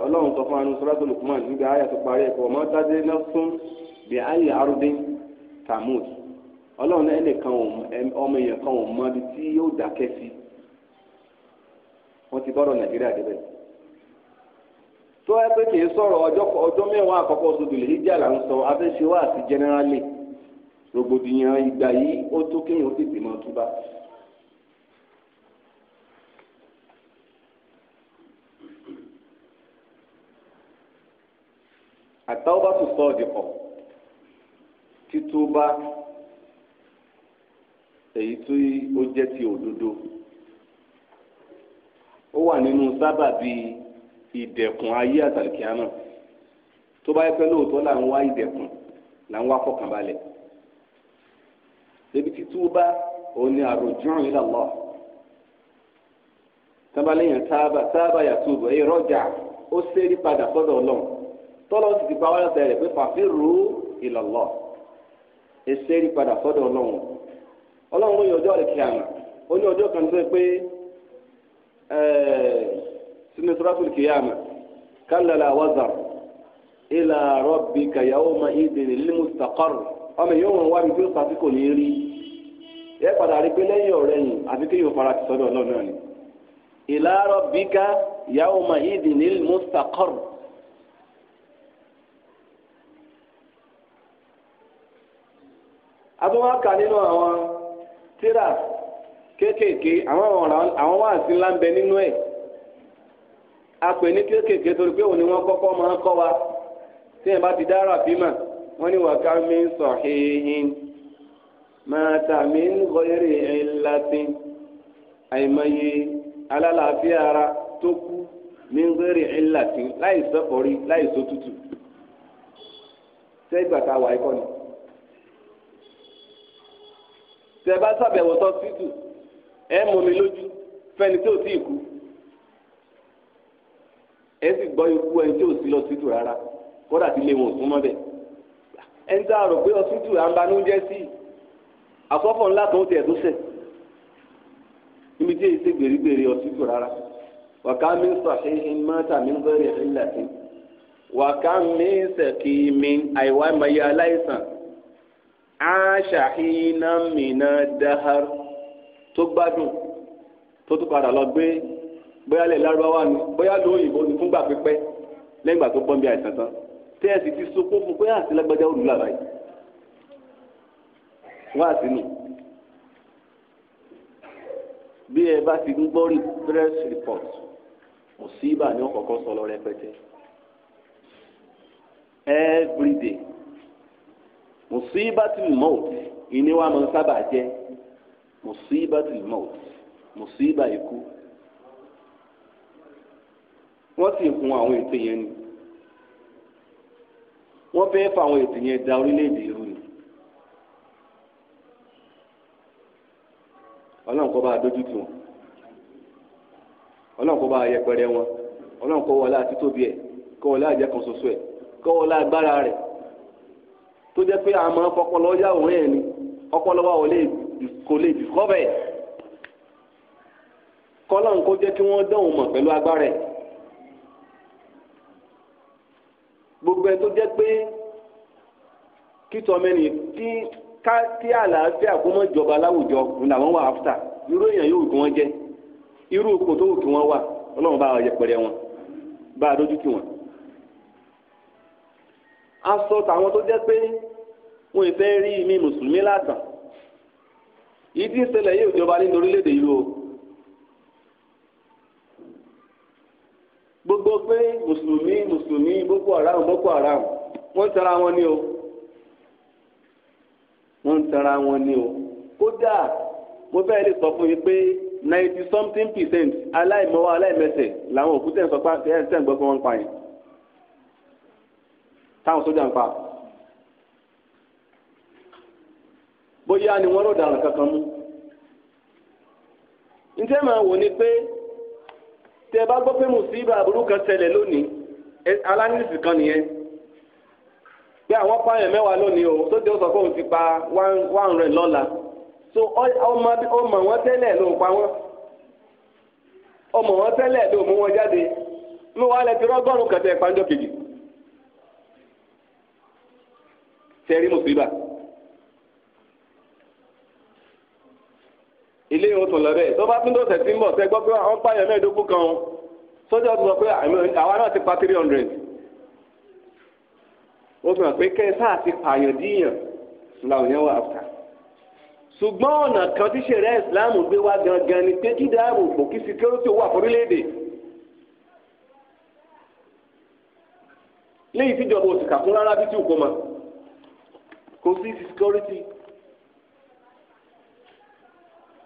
S1: ọlọ́run sọ fún anu sọ́dọ̀ Lukman níbi ayé tó parí ẹ̀kọ́ ọmọ dáadé náà fún bí ayé arúgbó tamud ọlọ́run ọmọ èèyàn kan ò mọ ibi tí yóò dákẹ́ sí wọ́n ti bọ́rọ̀ Nàìjíríà débẹ̀ tó ẹ pé kì í sọ̀rọ̀ ọjọ́ mẹ́wàá àkọ́kọ́ oṣù là ń rògbòdìyàn ìgbà yìí ó tó kéèyàn ó tètè máa túbà. àtàwọn bá tún sọ ọdì kọ títúbà èyí tí ó jẹ́ ti òdodo ó wà nínú sábàbí ìdẹ̀kùn ayé àtàlùkìá náà tó bá yẹ pé lóòótọ́ là ń wá ìdẹ̀kùn là ń wá fọkànbalẹ̀. ṣebí títúbà òun ni àròjùn ila Allah tábàlẹ́yìn tábà tábà yàtúbù ẹ̀yìn rọ́jà ó padà sọ́dọ̀ ọlọ́run tọ́lọ́ sì ti pawọ́ lọ́sẹ̀ pé fàfírù ila Allah ẹ ṣẹ́rí padà sọ́dọ̀ ọlọ́run ọlọ́run ló yọ ọjọ́ rẹ̀ kíyàmà ó kan tó yẹ pé sínú sọ́dọ̀ kíyàmà kálá la wazar ila rabbika yawma idin lil ọmọ yìí ó wọn wábi tí ó sàtí kò ní rí ẹ padà rí pé lẹ́yìn ọ̀rẹ́ yìí àti kéèyàn fara ti sọ́dọ̀ ọlọ́run náà ni. ila rabbika yawma idinil mustaqarr. adúmọ̀ọ́kà nínú àwọn tíra kéékèèké àwọn wáàsí ńlá ń bẹ nínú ẹ̀ a pè ní kéékèèké torí pé òun ni wọ́n kọ́kọ́ máa ń kọ́ wa tí ẹ̀ bá ti dára fímà wọ́n ní wàká mi ń sọ hihin máa tà mí ń gọ́yẹ̀rì ẹ̀ńlátín àìmọye alálàáfíà ara tó kú mi ń gọ́yẹ̀rì ẹ̀ńlátín láì sọ́kọ̀rí láì sótútù ṣé ìgbà tá a wà ẹ̀kọ́ ni tẹ bá sàbẹ̀wò sọ títù ẹ mọ lójú fẹni tí ò tí ì kú ẹ sì gbọ́ ikú ẹni tí ò sí lọ títù rárá kódà tí lè wọn ò súnmọ́ bẹ́ẹ̀. ẹni a rò pé ọtún jù à ń banú jẹ́ àkọ́fọ̀ ńlá kan ó tiẹ̀ tó sẹ̀ níbi tí èyí ṣe gbèrígbèrí ọtún jù rárá wàká mi sọ̀hí mọ́tà mi ń bẹ̀rẹ̀ sí mi mi àìwá aláìsàn dáhàr tó gbádùn tó tún lọ gbé bóyá lárúbáwá ni bóyá lóyìnbó ni fúngbà pípẹ́ lẹ́yìn tó pọ́n àìsàn tán. tẹ́ẹ̀sì ti sopó fún pé àti lágbájá ó lù lára yìí wá sínú bí ẹ bá ti ń gbọ́ rí press report mùsíbà ni wọ́n kọ́kọ́ sọ lọ rẹpẹtẹ everyday musibatul maut ìní wa máa ń sábà jẹ musibatul maut musiba ikú wọ́n sì hun àwọn ètò yẹn ni wọ́n fẹ́ẹ́ fa àwọn ètò yẹn da orílẹ̀-èdè irú ni ọlọ́run kó bá dójú tì wọ́n ọlọ́run kó bá yẹpẹrẹ wọn ọlọ́run kó wọlé àti tóbi ẹ̀ kó wọlé àjẹ́ kan ṣoṣo ẹ̀ kó wọlé agbára rẹ̀ tó jẹ́ pé àmọ́ ọpọlọ yàwòrán ẹ̀ ni ọpọlọ wa kò lè dìkọ́ bẹ́ẹ̀ kọ́lọ́run kó jẹ́ kí wọ́n dán mọ̀ pẹ̀lú agbára ẹ̀. gbogbo ẹni tó jẹ́ pé kítọ́ mẹ́ni tí ká tí àlàáfíà kó mọ́ jọba láwùjọ làwọn wà áfítà irú èèyàn yóò kí wọ́n jẹ́ irú ipò tó wù kí wọ́n wà ọlọ́run bá yẹpẹrẹ wọn bá a dójú tì wọ́n. a tàwọn tó jẹ́ pé wọ́n ìfẹ́ rí mi mùsùlùmí látàn ìdí ìṣẹ̀lẹ̀ yóò jọba nínú orílẹ̀-èdè yìí o. gbọ́ pé mùsùlùmí mùsùlùmí boko haram boko haram wọ́n ń tara wọn ni o wọ́n ń tara wọn ni o kódà mo fẹ́ lè sọ fún yín pé ninety something percent aláìmọ́wá aláìmẹsẹ̀ làwọn òkú tẹ̀ ń sọ pé ẹ̀ ń tẹ̀ ń gbọ́ pé wọ́n ń pa yẹn táwọn sójà ń pa. bóyá ni wọ́n rò dàrú kankan mú. ǹjẹ́ màá wò ni pé. ẹ bá gbọ́ pé mùsíbà aburú kan ṣẹlẹ̀ lónìí alánìsì kan nìyẹn pé àwọn pààyàn mẹ́wàá lónìí o tó ti sọ pé òun ti pa one hundred lọ́la so ọmọ wọn tẹ́lẹ̀ ló ń pa wọ́n ọmọ wọn tẹ́lẹ̀ ló mú wọn jáde ní wàá ti rọ́gọ́rùn-ún ìpàdé kejì ilé yìí ó tún lọ bẹ́ẹ̀ tó bá tún tó tẹ̀sí ń bọ̀ tẹ́ gbọ́ pé wọ́n pààyàn mẹ́ẹ̀ẹ́dógún kan sójà ó tún sọ pé àwa náà ti pa three hundred ó fi hàn pé kẹ́sà àti pààyàn díyàn làwọn yẹn wà áfà ṣùgbọ́n ọ̀nà kan tí ṣẹ̀rẹ́ ìsìláàmù gbé wá gangan ni pé kí dáàbò bò kí síkírọ́tì wà fórílẹ̀-èdè léyìí tíjọba òsì kà fún rárá bí tí ò kọ́ ma kò sí síkírọ́tì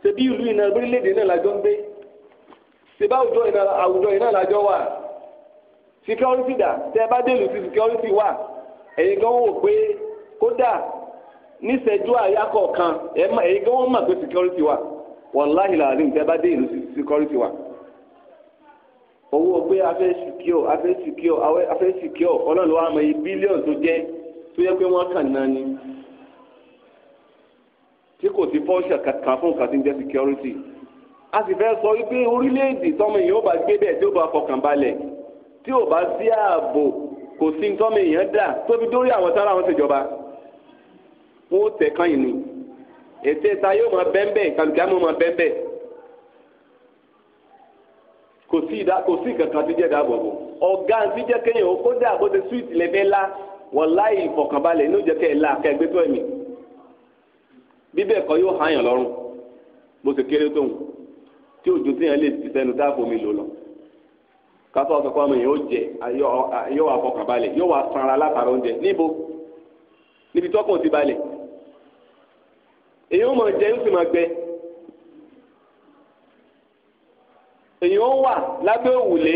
S1: sebi ìlú iná orílẹ̀-èdè náà lájọ ń gbé ṣebí àwùjọ iná àwùjọ iná lájọ wà security dà tẹ́ ẹ bá dé ìlú sí security wà ẹ̀yin gan wò pé kódà níṣẹ́jú àyà kọ̀ọ̀kan ẹ̀yin gan wọ́n mọ̀ pé security wà wàláhì làálìm tẹ́ ẹ bá dé ìlú sí security wà owó pé afẹ́ secure afẹ́ secure afẹ́ secure ọlọ́run wa mọ̀ iye bílíọ̀nù tó jẹ́ tó yẹ pé wọ́n kàn náà ni tí kò sí fọ́ṣà kankan fún nǹkan tí jẹ́ security a sì fẹ́ sọ wípé orílẹ̀-èdè tọ́mọ èèyàn ó bá gbé bẹ́ẹ̀ tí ó bá fọkàn balẹ̀ tí ò bá sí ààbò kò sí tọ́mọ èèyàn dà tóbi dórí àwọn tára wọn ṣèjọba wọn ó tẹ̀ kan ìní ètè ta yóò máa bẹ́ńbẹ́ kàlùkà mọ́ máa bẹ́ńbẹ́ kò sí ìdá kò sí kankan tí jẹ́ dáàbò bò ọ̀gá tí jẹ́ kéèyàn ó kó dà bó ti súwìtì lẹ́fẹ́ la wọ́n láì ìfọ̀kànbalẹ̀ inú jẹ́ kẹ́ bíbẹ̀ kọ́ yóò hàn yàn lọ́rùn bó ṣe kéré tóun tí òjò tí yẹn lè ti sẹ́nu dáàbò mi lò lọ kátó ọ̀sán kọ́ ọmọ yẹn ó jẹ yóò wà fọkànbalẹ̀ yóò wà sanra látara oúnjẹ níbo níbi tọ́kùn ti balẹ̀ èyí ó mọ̀ jẹ́ ó sì máa gbẹ èyí ó wà lábẹ́ òwúlé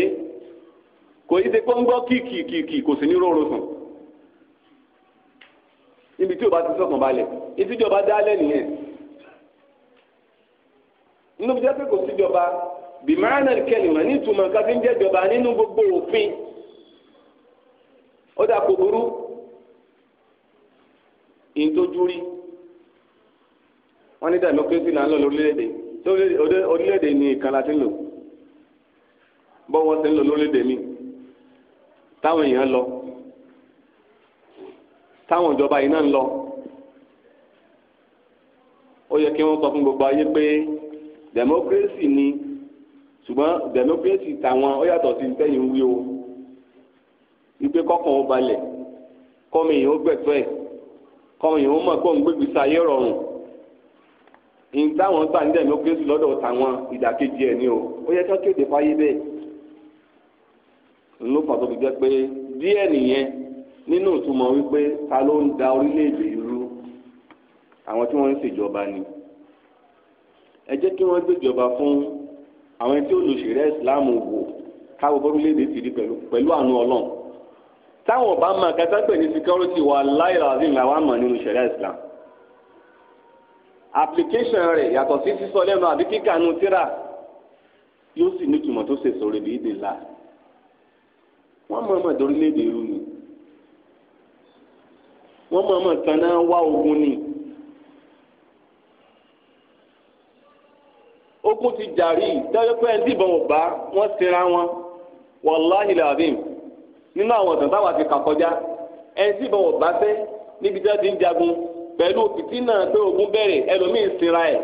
S1: kò í ṣe pé ń gbọ́ kìkìkìkì kò sí ní róró sùn níbi tí o bá ti sọ̀kan balẹ̀ ìtìjọba dálẹ̀ nìyẹn nínú bí jápé kò síjọba bìmárànà kẹlìmọ̀ nítumọ̀ nǹkan tí ń jẹ́jọba nínú gbogbo òfin ó dà kò burú ìtọ́jú rí wọ́n ní democracy là ń lọ lórílẹ̀‐èdè tí orílẹ̀‐èdè ni ìkan la ti ń lò bọ́ wọ́n ti ń lò lórílẹ̀‐èdè mi táwọn èèyàn lọ táwọn ìjọba yìí náà ń lọ ó yẹ kí wọ́n sọ fún gbogbo ayé pé democracy ni ṣùgbọ́n democracy tàwọn ó yàtọ̀ sí tẹ́yìn wí o wípé kọ́kàn ó balẹ̀ kọ́mi yìí ó gbẹ̀tọ́ ẹ̀ kọ́mi yìí ó mọ̀ kó ń gbégbé sáyé rọrùn ní táwọn gbà ní democracy lọ́dọ̀ tàwọn ìdàkejì ẹ̀ ni o ó yẹ kí wọ́n kéde fáyé bẹ́ẹ̀ ńlọ́pàá tó fi jẹ́ pé díẹ̀ nìyẹn nínú ìtumọ̀ wípé ta ló ń da orílẹ̀-èdè irú àwọn tí wọ́n ń ṣèjọba ni ẹ jẹ́ kí wọ́n gbéjọba fún àwọn tí olùṣèré Islam wò káwọ orílẹ̀-èdè ti di pẹ̀lú àánú Ọlọ́run táwọn ọba máa kẹta pè ní security wa láì razim làwọn àmọ̀ nínú ìṣẹ̀lẹ̀ Islam application rẹ̀ yàtọ̀ sí sísọ lẹ́nu àbí kíkànú tíra yóò sì nítumọ̀ tó ṣe sọ̀rọ̀ ibi ìdè la wọ́n mọ̀ ọmọdé orílẹ̀-èdè irú ni wọ́n mọ̀ọ́mọ̀ tán náà wá ogun ni. ogun ti jàrí dájọ́ pé ẹni tí ìbọn ò bá wọ́n sinra wọn wàláhì làbíìn nínú àwọn ọ̀tàn táwọn ti kà kọjá ẹni tí ìbọn ò bá fẹ́ níbi tí wọ́n ti ń jagun pẹ̀lú fìtínà pé ogun bẹ̀rẹ̀ ẹlòmíín sinra ẹ̀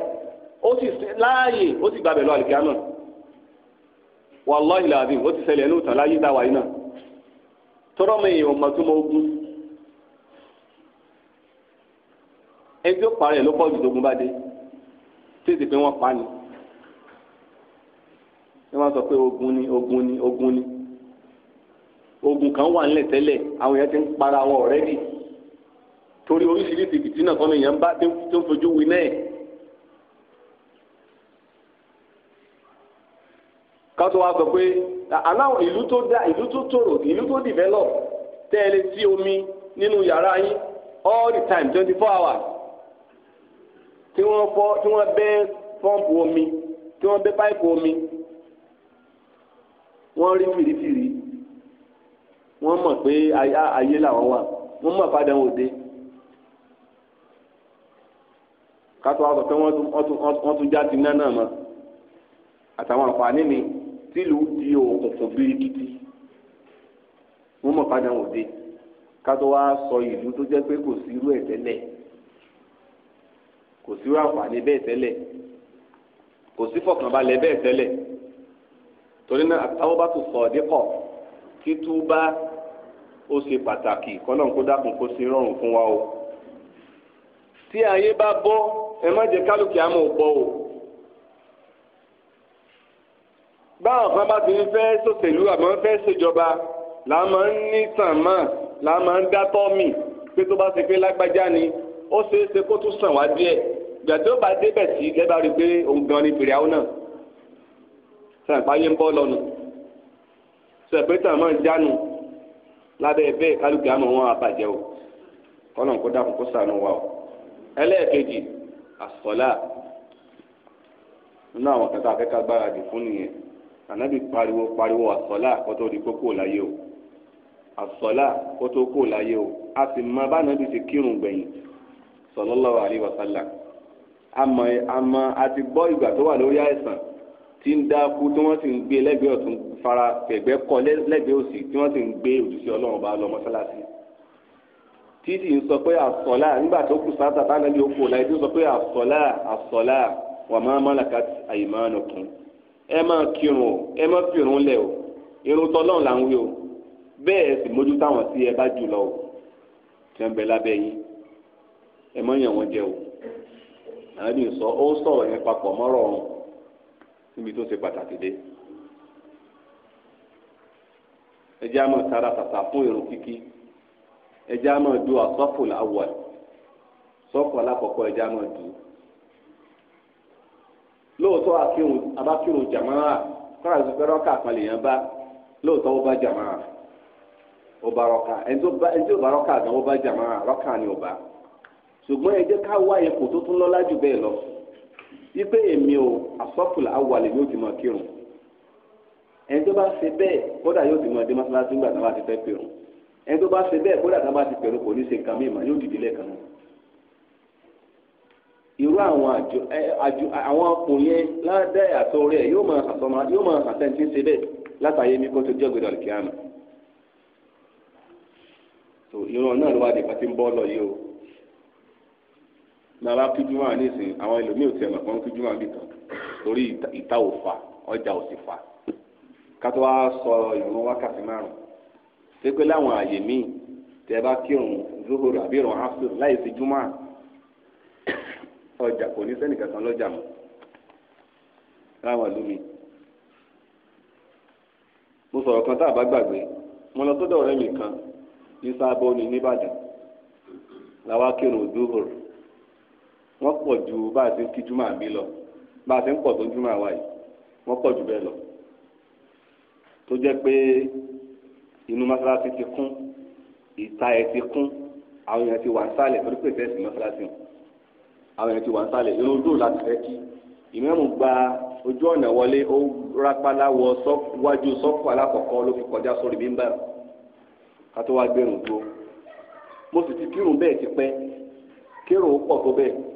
S1: ó sì láàyè ó sì gbàbẹ̀ lọ àlìkíá náà wàláhì làbíìn ó ti ṣẹlẹ̀ ní ìtàn láyé táwa yìí náà tọ́rọ́mọ èèyàn mọ̀túnmọ̀ ogun ẹbí ó parẹ́ ló pọ̀ jù bá dé tètè pé wọ́n pa ni wọ́n máa sọ pé ogun ni ogun kan wà nílẹ̀ tẹ́lẹ̀ àwọn èèyàn ti ń para wọn ọ̀rẹ́dì torí oríṣiríṣi ìbìtínà kan èèyàn bá tó ń fojú wí náà. wa sọ pé aláwọ̀ ìlú tó dá ìlú tó tòrò ìlú tó sí omi nínú yàrá yín all the time twenty hours. tí wọ́n fọ́ tí wọ́n bẹ́ pọ́ǹpù omi tí wọ́n bẹ́ páìpù omi wọ́n rí fìrífìrí wọ́n mọ̀ pé ayé làwọn wà wọ́n mọ̀ padà wọn ò dé kátó wa sọ pé wọ́n tún já ti náà náà mọ́ àtàwọn àǹfààní mi tìlú di òkùnkùn birikiti wọ́n mọ̀ padà wọn ò dé kátó wa sọ ìlú tó jẹ́ pé kò sí irú ẹ̀ tẹ́lẹ̀ kò sí àǹfààní bẹ́ẹ̀ tẹ́lẹ̀ kò sí fọkànbalẹ̀ bẹ́ẹ̀ tẹ́lẹ̀ torí náà àtàwọn bá tún sọ ọdẹ kọ títúbà ó ṣe pàtàkì kọ́nà kó dákun kó sí rọrùn fún wa o tí ayé bá bọ́ ẹ má jẹ́ kálukì àmọ́ ò bọ́ o báwọn kan bá ti ń fẹ́ sòṣèlú àmọ́ fẹ́ ṣèjọba là máa ń ní tàn mọ́ là máa ń dá tọ́ mì pé tó bá ti pé lágbájá ni ó ṣeé ṣe kó tún sàn wá díẹ̀ gbàtó bá débẹ̀ sí lẹ́bà rí pé òun gan ni fèrè àwọn náà sọ̀rọ̀ ìpáyé ń bọ́ lọ́nu sọ̀rọ̀ pé sọ̀rọ̀ máa ń jánu lábẹ́ bẹ́ẹ̀ kálukì àmọ́ wọn àbàjẹ́ o kọ́nà kó dákun kó sànù wa o ẹlẹ́ẹ̀kejì àsọ̀lá nínú àwọn kẹta akẹ́kọ̀ọ́ gbáradì fún nìyẹn ànábì pariwo pariwo àsọ̀lá kó tó di kókó láyé o àsọ̀lá kó tó kó láyé o a sì mọ bá ti kírun gbẹ̀yìn sallallahu alaihi wasallam àmọ́ àmọ́ àti gbọ́ ìgbà tó wà lórí àìsàn tí ń dákú tí wọ́n sì ń gbé lẹ́gbẹ̀ẹ́ ọ̀tún fara fẹ̀gbẹ́ kọ lẹ́gbẹ̀ẹ́ òsì tí wọ́n sì ń gbé òjúṣe ọlọ́run bá lọ mọ́sálásí tí sì ń sọ pé àsọ̀lá nígbà tó kù sáà tàbí ànábi ó kú ọ̀la ìdí sọ pé àsọ̀lá àsọ̀lá wà máa má làkà àyèmánu kan ẹ máa kírun ẹ máa fìrun lẹ̀ o irun tọ́lọ́run là ń wí o bẹ́ẹ̀ sì mójú táwọn sí ẹ bá jù lọ o tí wọ́n yín ẹ mọ́ yàn wọ́n jẹ o àbí sọ ó sọ̀rọ̀ yẹn papọ̀ mọ́rọ̀ ọ̀hún níbi tó ṣe pàtàkì dé. ẹjẹ́ àmọ́ tara fún irun kíkí ẹjẹ́ àmọ́ du ẹjẹ́ àmọ́ du. lóòótọ́ abákírun kọ́ra rọ́kà bá lóòótọ́ ó bá ó bá rọ́kà ẹni tó bá rọ́kà gan ó bá rọ́kà ni ó bá. ṣùgbọ́n ẹ jẹ́ ká wá ipò tó tún lọ́lá jù bẹ́ẹ̀ lọ wípé èmi ò àsọ́fùlà awàlẹ̀ yóò ti mọ̀ kírun ẹni tó bá ṣe bẹ́ẹ̀ kódà yóò ti mọ̀ dé mọ́ṣáláṣí ńgbà tá a bá ti fẹ́ pèrò ẹni tó bá ṣe bẹ́ẹ̀ kódà tá a bá ti pèrò kò ní ṣe nǹkan mìíràn yóò dìde lẹ́ẹ̀kan náà irú àwọn àjò àjò àwọn ọkùnrin yẹn ládẹ́ àtọ́ rẹ̀ yóò máa àtọ́mọ yóò máa àtẹ́ntì ṣe bẹ́ẹ̀ látàyè mi kó tó jẹ́ ògbédà lùkìánù tó ìran náà ló wá di pàtí ń bọ́ lọ yìí o. na kíjúmọ àníṣin àwọn ẹlòmíì ò tiẹ̀ mọ̀ fún kíjúmọ àbíkan torí ìta ò fa ọjà ò sì fa kátó wá sọ ìrun wákàtí márùn ṣé láwọn àyè míì tẹ́ bá kírun zuhuru àbí ìrun asur láì sí júmọ ọjà kò ní sẹ́nìkan kan lọ́jà mọ́ láwọn ìlú mi mo sọ̀rọ̀ kan tá a bá gbàgbé mo lọ mi kan ní sábọ́ ni nìbàdàn wọ́n pọ̀ ju bá a ti ń kí júmọ̀ àbí lọ bá a ti ń pọ̀ tó ń júmọ̀ àwa yìí wọ́n pọ̀ ju bẹ́ẹ̀ lọ tó jẹ́ pé inú mọ́sálásí ti kún ìta ẹ̀ ti kún àwọn èèyàn ti wà ń sálẹ̀ torí pé ìfẹ́sì mọ́sálásí wọn àwọn èèyàn ti wà ń sálẹ̀ inú ojú láti fẹ́ kí ìmọ̀ọ́mù gba ojú ọ̀nà wọlé ó rápálá wọ wájú sọ́fù alákọ̀ọ́kọ́ ló fi kọjá sórí bímbà ká wá gbẹ̀rùn dúró mo sì ti kírun bẹ́ẹ̀ ti pẹ́ kírun ó pọ̀ tó bẹ́ẹ̀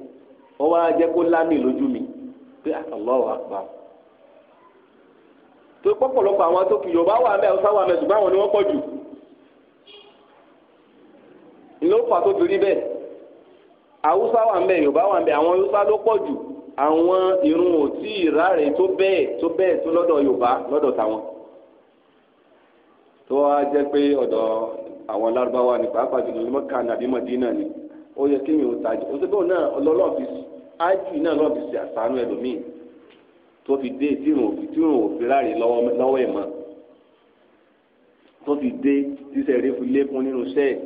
S1: ó wá jẹ́ kó lámì lójú mi pé ah, Allahu Akbar tó pọ̀pọ̀lọpọ̀ àwọn tó kì Yorùbá wà mẹ́ ọ̀sá wà mẹ́ ṣùgbọ́n àwọn ni wọ́n pọ̀ jù ìlú fà tó fi rí bẹ́ẹ̀ Haúsá wà mẹ́ Yorùbá wà mẹ́ àwọn Haúsá ló pọ̀ jù àwọn irun òtí ìráre tó bẹ́ẹ̀ tó bẹ́ẹ̀ tó lọ́dọ̀ yorùbá lọ́dọ̀ tàwọn tó wá jẹ́ pé ọ̀dọ̀ àwọn lárúbáwá ní pàápàá jùlọ ní mọ́kà nàbí mọ̀dínà ni ó yẹ kéèyàn ó tají òṣèlú náà ọlọ́ọ̀bì ájì náà lọ́ọ̀bì sí àṣàánú ẹlòmíì tó fi dé tírun òfin tírun òfin láre lọ́wọ́ ẹ̀ mọ́ tó fi dé tíṣẹ́ rí fi lékún nínú iṣẹ́ ẹ̀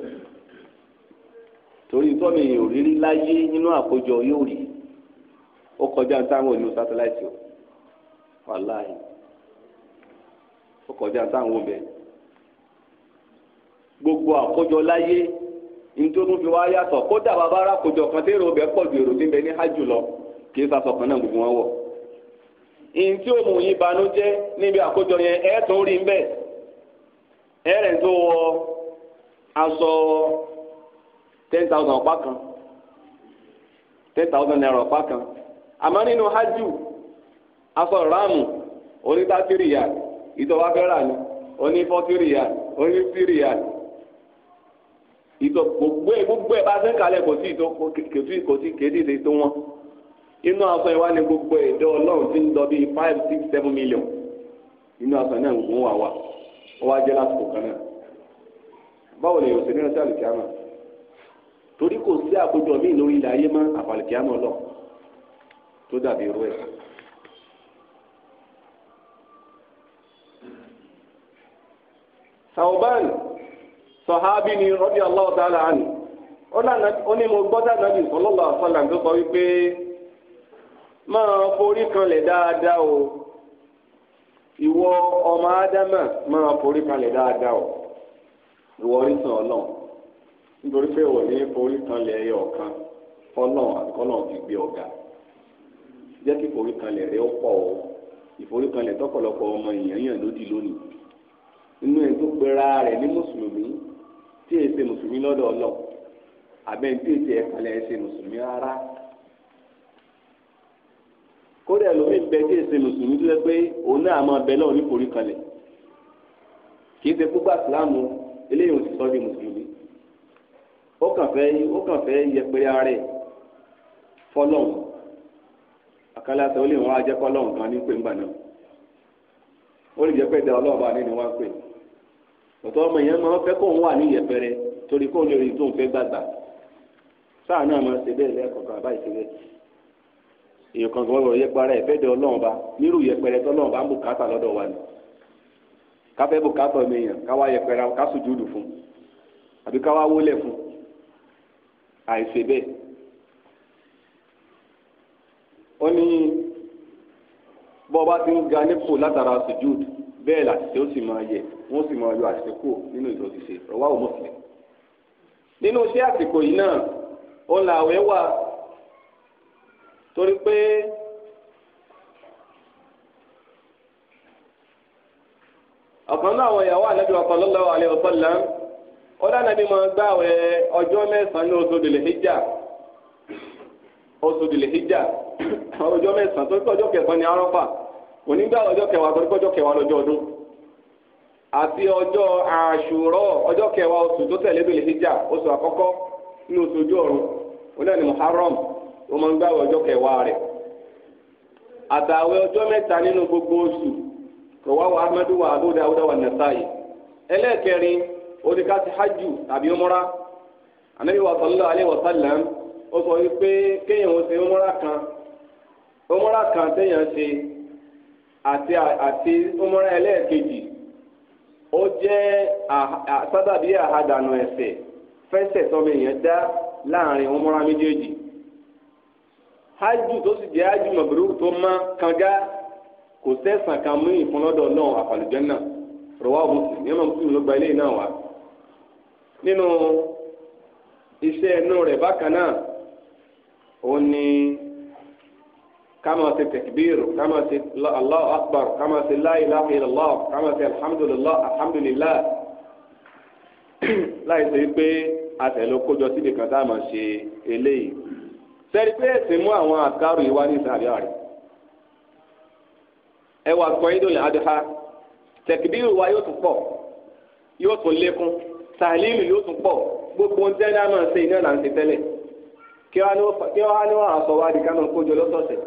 S1: torí tọ́mi òrírí láyé nínú àkójọ yóò rí ó kọjá táwọn òní sátáláìtì o wàláì ó kọjá táwọn òbẹ gbogbo àkójọ láyé. nítorí fi wá yàtọ̀ kódà bàbá arákòjọ kan tí èrò bẹ́ẹ̀ pọ̀ ju èrò tí ń bẹ ní hajj lọ kì í sasọ̀ kan náà gbogbo wọn wọ̀. ìyìn tí mú yìí banújẹ́ níbi àkójọ yẹn ẹ̀ tó rí bẹ́ẹ̀ ẹ̀ rẹ̀ tó kan ten thousand kan àmọ́ nínú hajj aṣọ ramu oní rà oní oní ìtọ gbogbo ẹ gbogbo ẹ bá fẹ́ kalẹ̀ kò sí ìtọ kò sí kò sí kéde tó wọn inú aṣọ yẹn wá ní gbogbo ẹ̀dọ́ ọlọ́run ti ń lọ bíi five six seven million inú aṣọ náà gbogbo wà wá wọ́n wá jẹ́ lásìkò kan náà báwo lè yọ̀sẹ̀ nínú sí àlùkìyàmà torí kò sí àkójọ míì lórí ilẹ̀ ayé mọ́ àfàlùkìyàmà lọ tó dàbí irú ẹ̀. sàwọ́báàlì. sọ̀hábì ni rọ́bì aláwọ̀ dáhà hàn ó ní mo gbọ́dọ̀ nàbì sọlọ́lọ́ àfọlà tó sọ wípé máa o ìwọ ọmọ ádámà máa forí kanlẹ̀ dáadáa o ìwọ orísun ọlọ́run nítorí pé wọ́n ní forí kanlẹ̀ kan ọlọ́run àkọlọ́run fi gbé ọ̀gá jẹ́ kí forí o ìforí kanlẹ̀ tọ́pọ̀lọpọ̀ ọmọ èèyàn yàn lódì lónìí inú ẹ̀ tó pera tí èsè mùsùlùmí lọ́dọ̀ ọlọ́ tí èsè ẹ̀kọ́lẹ̀ èsè mùsùlùmí rárá kódà lómi bẹ tí èsè mùsùlùmí tó yẹ pé òun náà máa bẹ níforí kì í ṣe eléyìí di mùsùlùmí ó kàn fẹ́ ó kàn fẹ́ ara ní pé náà ó lè jẹ́ pé ọlọ́ọ̀bá ní ọ̀tọ̀ ọmọ yẹn máa ń fẹ́ kóun wà ní ìyẹ̀pẹ̀rẹ̀ torí kóun lè rí tóun fẹ́ gbàgbà sáà náà máa ṣe bẹ́ẹ̀ lẹ́ẹ̀kọ̀ọ̀kan èèyàn kan gbọ́dọ̀ dẹ ọlọ́run bá nírú bá ń lọ́dọ̀ wa ni ọmọ èèyàn káwá yẹpẹrẹ ká sùjúdù fún àbí wólẹ̀ fún àìṣe bẹ́ẹ̀. ó ní bẹ́ẹ̀ làṣìṣe ó sì máa yẹ wọ́n sì máa yọ àṣìṣe kù nínú ìlú òṣìṣẹ́ rọwá ò mọ̀sílẹ̀. nínú iṣẹ́ àsìkò yìí náà ó la àwẹ̀ wà torí pé ọ̀kan náà àwọn ìyàwó ànábì ọkàn lọ́lọ́wọ́ àlẹ́ ọ̀sán lán ó dáná bí mo gbá àwẹ̀ ọjọ́ mẹ́sàn-án ní oṣù dìlẹ̀ hijab oṣù dìlẹ̀ hijab ọjọ́ mẹ́sàn-án tó kí ọjọ́ kẹsàn-án ní arọ́fà. onígbà ọjọ́ kẹwàá torí pé kẹwàá lọ́jọ́ ọdún àti ọjọ́ àṣùrọ̀ ọjọ́ kẹwàá oṣù tó tẹ̀lé bèlè hijja oṣù àkọ́kọ́ ní oṣù ojú ọ̀run onáà ní muharram ó máa ń gbàwé ọjọ́ kẹwàá rẹ̀ àtàwé ọjọ́ mẹ́ta nínú gbogbo oṣù rọwáwá ahmadu wa abu dawuda wa ẹlẹ́ẹ̀kẹrin oníkàtí hajj tàbí anabi wa sallallahu alayhi wa sallam ó sọ wípé kéèyàn ó kan kan téèyàn ṣe. àti àti ọmọrá ẹlẹ́ẹ̀kejì ó jẹ́ sábàbí àhàdànù ẹ̀ṣẹ̀ fẹ́ṣẹ̀ tọ́mọ èèyàn dá láàrin ọmọrá méjèèjì hajj tó sì jẹ́ hajj mọ̀bìrú tó má kanga kò sẹ́sàn kan mú ìfúnlọ́dọ̀ náà àfàlùjẹ́ náà rọwá mùsùlùmí ní ọmọ mùsùlùmí ló gba ilé náà wá nínú iṣẹ́ ẹnu rẹ̀ bákan náà ni kama ṣe tẹkibiru kama ṣe allahu akbar kama ṣe la ilaha illallah kama ṣe alhamdulillah alhamdulillah láì ṣe wípé àtẹ̀ló kójọ síbi kan tá a máa ṣe eléyìí sẹ́ni pé ẹ̀sìn mú àwọn àkárò yìí wá ní ìsàlẹ̀ rẹ̀ ẹ wà sọ yín lónìí adìhá tẹkibiru wa yóò tún pọ̀ yóò tún lékún tàlílù yóò tún pọ̀ gbogbo ń tẹ́lẹ̀ àmọ́ ṣe iná là ń ṣe tẹ́lẹ̀ kí wọ́n á ní wọ́n àṣọ wa di kánú kójọ lọ́sọ̀ọ̀sẹ̀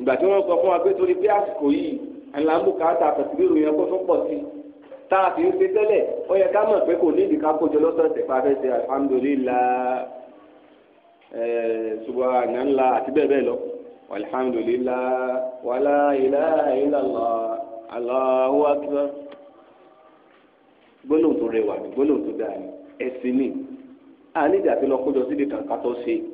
S1: ìgbà tí wọ́n sọ fún wa pé torí pé àsìkò yìí àlàmú káàtà àtàkùnrin yẹn kó tún pọ̀ sí tá a fi ń ṣe tẹ́lẹ̀ ó yẹ ká mọ̀ pé kò ní ìdíkà kójọ lọ́sọ̀ọ̀sẹ̀ pàfẹ́ ṣe alhamdulilah eh, subhanallah àti bẹ́ẹ̀ bẹ́ẹ̀ lọ alhamdulilah wàlá ilaha illallah allahu akbar gbólóhùn tó rẹwà ní gbólóhùn tó dáa ní ẹ̀sìn ní àníjà tí lọ kójọ síbi kan ká ṣe é.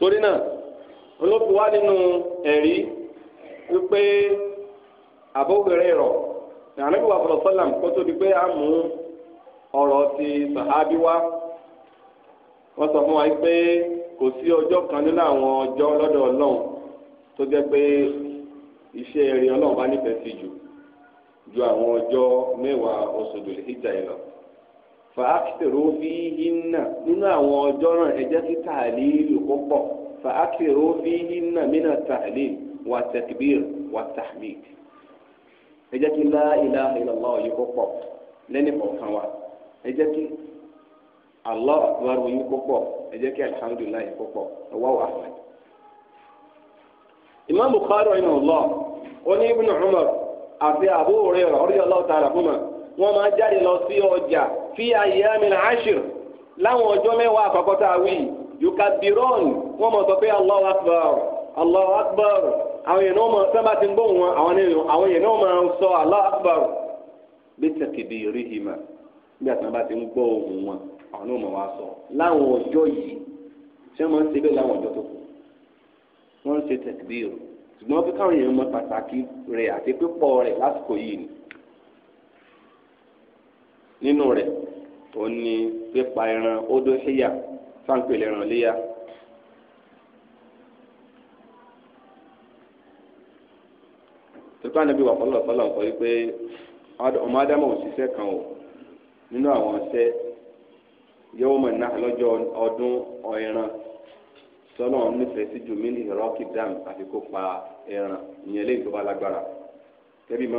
S1: torí náà olóòfin wá nínú ẹ̀rí wípé àbóbìnrin rọ̀ nàánú wà fọlọ sọlám kó tó di pé a mú ọ̀rọ̀ ti sàhábí wá wọ́n sọ fún wa pé kò sí ọjọ́ kan nínú àwọn ọjọ́ lọ́dọ̀ Ọlọ́run tó jẹ́ pé iṣẹ́ rere Ọlọ́run bá nífẹ̀ẹ́ sí jù ju àwọn ọjọ́ mẹ́wàá oṣù dòlè híjà yìí lọ. fàákìtìrò fi hinna nínú àwọn ọjọ́ náà ẹ jẹ́ kí tàlílù kó pọ̀ fàákìtìrò fi hinna mínà tàlílù wà tẹkbír wà tahmid ẹ kí la ilaha illallah yìí kó lẹ́ni wa allah akbar yìí kó pọ̀ ẹ jẹ́ kí alhamdulilayi yìí kó pọ̀ ọwọ́ ahmed. imam wọ́n máa jáde lọ sí ọjà fi àyè amìnà ashir láwọn ọjọ́ mẹ́wàá àkọ́kọ́ tá Yuka wí wọ́n máa sọ pé Allahu akbar Allahu akbar àwọn ti ń gbóhùn wọn àwọn èèyàn náà máa sọ Allahu akbar bí tẹ̀kìdì rí bí ti ń wọn àwọn náà máa sọ láwọn ọjọ́ yìí ṣé wọ́n wọ́n ń ṣe káwọn mọ pàtàkì àti lásìkò yìí ni nínú rẹ ó ní pípa ẹran odò híyà sáǹpẹ̀lẹ̀ ẹran léyà. tuntun anabi wa fọlọ fọlọ sọ wípé ọmọ adama kan o nínú àwọn ọṣẹ yẹwò mọ náà lọ́jọ́ ọdún ọẹran sọlọ nífẹ̀ẹ́ sí ju mílí rọkì dam pa ẹran ìyẹn tó bá lágbára kẹbí mọ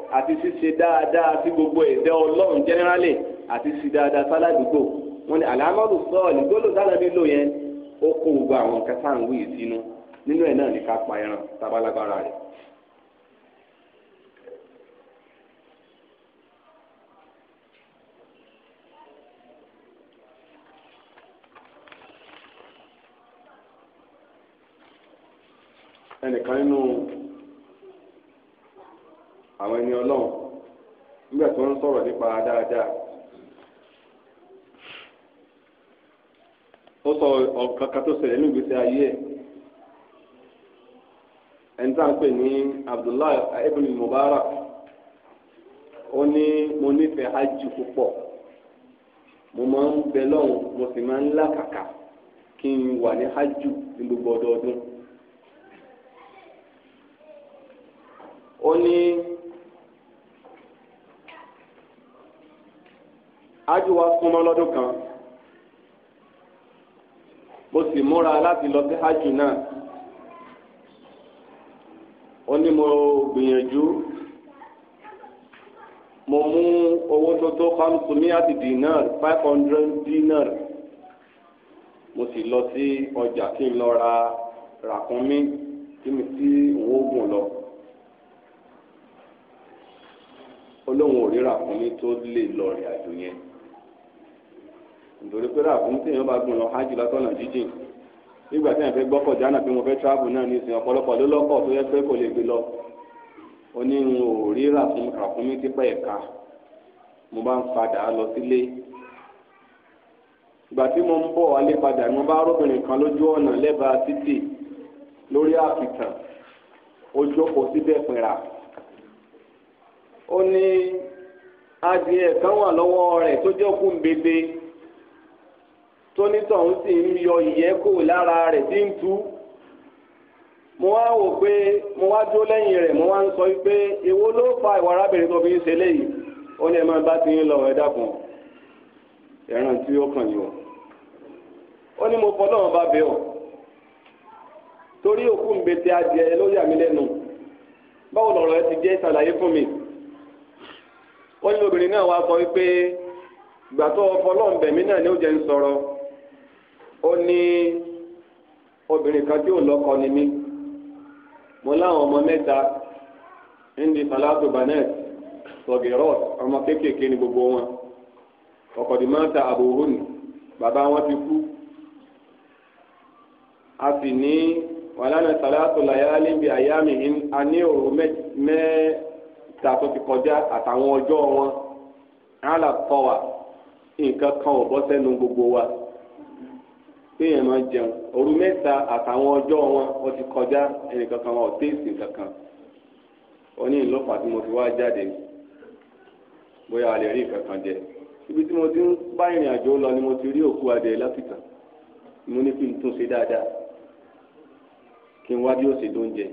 S1: àti ṣíṣe dáadáa sí gbogbo ẹ̀dá ọlọ́run jẹ́nẹ́rálì àti ṣíṣe dáadáa sáládùúgbò wọn ni àlámọ́dù sọ́ọ̀lì gbọ́dọ̀ sáládì lò yẹn ó kó gbogbo àwọn kẹta ń wí sínú nínú ẹ̀ náà ní ká pa ẹran tábàlágbára rẹ̀. ẹnìkan nínú àwọn ẹni ọlọ́run nígbà tí wọ́n ń sọ̀rọ̀ nípa dáadáa ó sọ ọ̀kan kan tó ṣẹlẹ̀ ní tí ayé ẹ̀ ẹni ń pè ní Abdullahi ibn Mubarak ó ní mo nífẹ̀ẹ́ hajj púpọ̀ mo máa ń bẹ mo sì máa ń làkàkà kí n wà ní gbogbo ọdọọdún ó ájú wa súnmọ́ lọ́dún kan mo sì múra láti lọ sí ájú náà ó ní mo gbìyànjú mo mú owó tó tó pàmùsùnmí àti dinar five hundred dinar mo sì lọ sí ọjà kí n lọ ra ràkúnmí tí mi ti òun oògùn lọ. olóhùn ò rí ràkúnmí tó lè lọ rìn àjò yẹn. nítorí pé ràkúnmí téèyàn bá gùn lọ hajj látọ̀nà jíjìn nígbà téèyàn fẹ́ gbọ́kọ̀ jáná pé mo fẹ́ travel náà ní ìsìn ọ̀pọ̀lọpọ̀ ló lọ́kọ̀ tó yẹ pé kò lè gbé lọ ó ní n ò rí ràkúnmí tipẹ́ ẹ̀ka mo bá ń padà lọ sílé ìgbà tí mo ń bọ̀ wálé padà mo bá arábìnrin kan lójú ọ̀nà lẹ́bàá títì lórí síbẹ̀ ó ní adìẹ kan wà lọ́wọ́ rẹ̀ tó jẹ́ òkú tónítọ̀hún sì ń yọ ìyẹ́ kò lára rẹ̀ tí ń tú mo wá wò pé mo wá dúró lẹ́yìn rẹ̀ mo wá ń sọ pé èwo ló fa ìwà arábìnrin tó fi ń ṣe léyìí ó ní ẹ máa bá ti ń lọ ẹ dákun ẹran tí ó kàn o ó ní mo fọlọ́run bá bẹ̀ torí òkú ń adìẹ ló yà lẹ́nu báwo lọ̀rọ̀ ẹ ti jẹ́ ìsàlàyé mi ó ní obìnrin náà wá sọ náà ó ní obìnrin kan tí ò lọ́kọ ni mí mo láwọn ọmọ mẹ́ta ndí salatu banet sọgẹrọt ọmọ kéékèèké ni gbogbo wọn ọkọdìmọta àbòhónì bàbá wọn ti kú a sì ní wàlánà salatu layali bi ayami a òru mẹ́ta tó ti kọjá àtàwọn ọjọ́ wọn ala tọwa nǹkan kan ò bọ́ sẹ́nu gbogbo wa. téèyàn máa jẹun òru mẹ́ta àtàwọn ọjọ́ wọn wọ́n ti kọjá ẹnìkan kan wọn ò téèsì kankan oní ìlọ́pàá tí mo fi wá jáde bóyá a lè rí kankan jẹ ibi tí mo ti ń bá ìrìn àjò lọ ni mo ti rí òkú adé láfíkà mo ní kí n tún ṣe dáadáa kí n wá bí ó ṣe tó ń jẹ.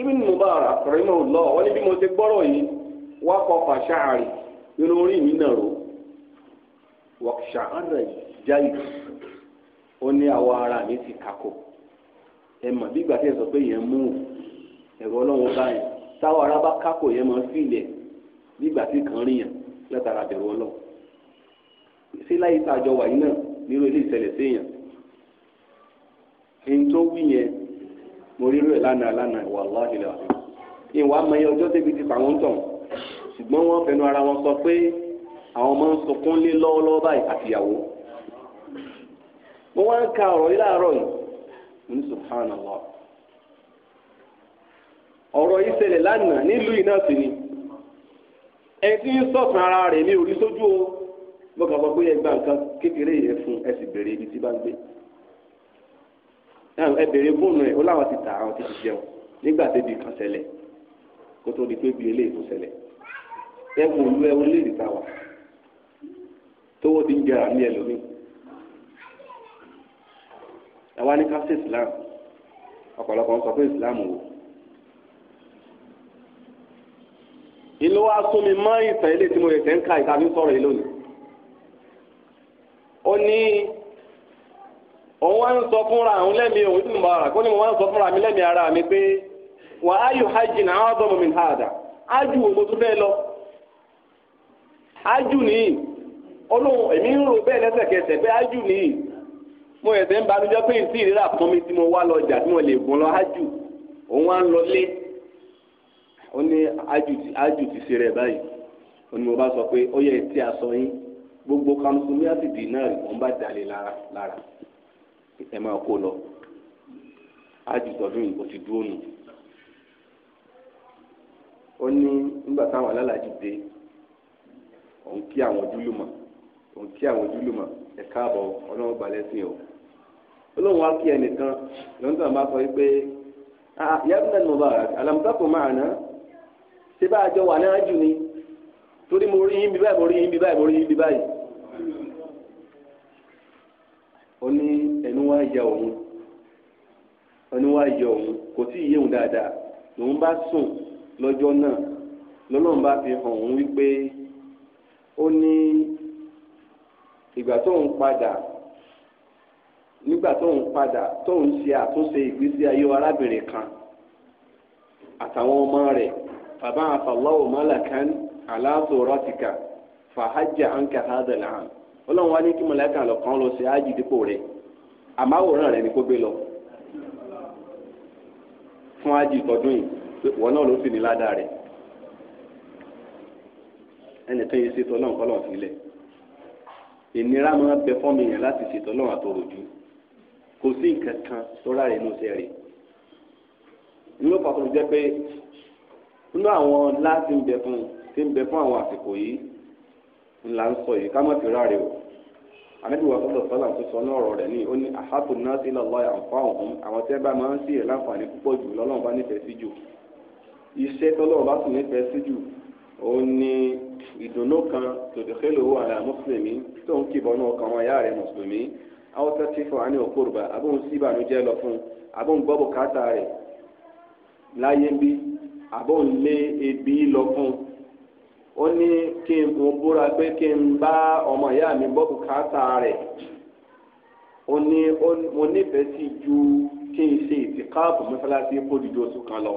S1: Ibn Mubarak rahimahullah wọ́n ní bí mo ti gbọ́rọ̀ yìí wá kọ fàṣà àrì nínú orí mi náà rò wọ́kṣà ọ̀nà jáì ó ní àwọ̀ ara mi ti kàkó ẹ mọ̀ bí ìgbà tí ẹ sọ pé yẹn mú ẹ̀rọ ọlọ́run bá yẹn táwọn ará bá kàkó yẹn máa ń fìlẹ̀ nígbà tí kàn rí yẹn látara bẹ̀rù ọlọ́run sí láyé tá a jọ wà yìí náà nírú ilé ìṣẹ̀lẹ̀ séèyàn ẹni tó wí yẹn mo rírú ẹ̀ lánàá lánàá ìwà aláàdìlẹ̀ àti ìwà amẹyẹ ọjọ́ débi ti fà wọ́n tàn ṣùgbọ́n wọ́n fẹnu ara wọn sọ pé àwọn ọmọ ń sunkún lé lọ́wọ́lọ́wọ́ báyìí àtìyàwó mo wá ń ka ọ̀rọ̀ yìí láàárọ̀ yìí mo ní subhanallah ọ̀rọ̀ yìí ṣẹlẹ̀ lánàá nílùú iná sí ni ẹni tí ń sọ̀tàn ara rẹ̀ mi ò rí sójú o mo kàn sọ pé ẹ gba nǹkan kékeré yẹn fún ẹ sì béèrè ibi tí bá ń gbé ẹ béèrè fóònù ẹ ó láwọn ti tà àwọn ti ti jẹun nígbà tẹ́bi kan ṣẹlẹ̀ kó tó di pé bí eléyìí tó ṣẹlẹ̀ ẹ wò lu ẹ orílẹ̀-èdè tá a wà. tówó ti ń jẹrà ní ẹlòmíì àwa ní ká ṣe islam ọ̀pọ̀lọpọ̀ ń sọ pé islam wò wa sún mi mọ́ ìfẹ́ ilé tí mo fẹ́ ń ka ìtàbí sọ̀rọ̀ yìí lónìí ó ní òun wá ń sọ fúnra òun òun bá ara kó ní mo wá ń sọ mi ara mi pé wà á yù hajj náà òun olóhùn èmi ń rò bẹ́ẹ̀ lẹ́sẹ̀kẹsẹ̀ pé ájù nìyí mo ẹ̀sẹ̀ ń banújẹ́ pé ntí ìrírà fún mi tí mo wá lọ jà tí mo lè gùn lọ ájù òun á ń lọ lé ó ní ájù ti ṣe rẹ̀ báyìí ó ní mo bá sọ pé ó yẹ tí a sọ yín gbogbo kanṣumi àti dínárì wọn bá dalè lára lára ẹ máa kó lọ ájù tọdún yìí kò ti dúró nù ó ní nígbà táwọn alálàájì dé òun kí àwọn ojúlùmọ̀ òun kí àwọn ojúlùmọ̀ ẹ̀ káàbọ̀ ọlọ́run balẹ̀ sí o olóhùn wa kí ẹnìkan lọ́ńtàn bá sọ wípé ah, ah, yàtúndà ni Mubarak alamusako máa ná ṣé bá a jọ wà náà jù ni torí mo rí yín bí báyìí mo rí yín bí báyìí mo rí yín bí báyìí ó ní ẹnu wá yà òun ẹnu wá yà òun kò tí ì yé òun dáadáa lòun bá sùn lọ́jọ́ náà lọ́lọ́run bá fi hàn òun wípé ó ní. ìgbà tó ń padà nígbà tó ń padà tó ń ṣe àtúnṣe ìgbésí ayé arábìnrin kan àtàwọn ọmọ rẹ̀ bàbá àfàlọ́wò mọ́làkán aláàtòrọ́tìkà fàájà ànkà hádàlán ọlọ́run wá ní kí mọ̀lẹ́kà lọ́kàn lọ sí ájì dípò si àmáwòrán rẹ̀ ni kó gbé lọ fún ájì tọdún yìí wọn náà ló sì ní ládàá rẹ̀ ẹnìkan yìí ṣètò ọlọ́run kọ́ lọ́n sílẹ̀ ìnira máa bẹ fọ́ọ̀mù yẹn láti ṣètò ọlọ́run àtòròjú kò sí nǹkan kan tó ráre inú iṣẹ́ rẹ̀ nínú pàtó jẹ́ pé nínú àwọn ńlá ti ń bẹ fún ti ń bẹ fún àwọn àsìkò yìí ńlá ń sọ yìí ká má fi ráre o ànábì wa sọlọ sọlá tó sọ náà ọ̀rọ̀ rẹ̀ ní ó ní àhàtò náà sí lọlọ àǹfà ọhún àwọn tẹ bá máa ń sí ẹ láǹfààní púpọ̀ jù lọ́lọ́run bá nífẹ̀ẹ́ sí jù iṣẹ́ tọlọ́run bá sì nífẹ̀ẹ́ sí jù òun ni ìdùnnú kan tòdìkẹ́lòwò àlà mùsùlùmí tó ń kìbọn náà kan wọn ìyá rẹ̀ mùsùlùmí awọ́tá tí fún àní òkúrùbà àbóhùn sí ìbànújẹ́ lọ fún àbóhùn gbọ́ bùkátà rẹ̀ láyé ń bí àbóhùn lé ebi lọ fún ó ní kí n mo búra pé kí n bá ọmọ ìyá mi gbọ́ bùkátà rẹ̀ ó mo nífẹ̀ẹ́ sí ju kí n ṣe ìtìkáàbù mọ́sálásí kó dìde oṣù kan lọ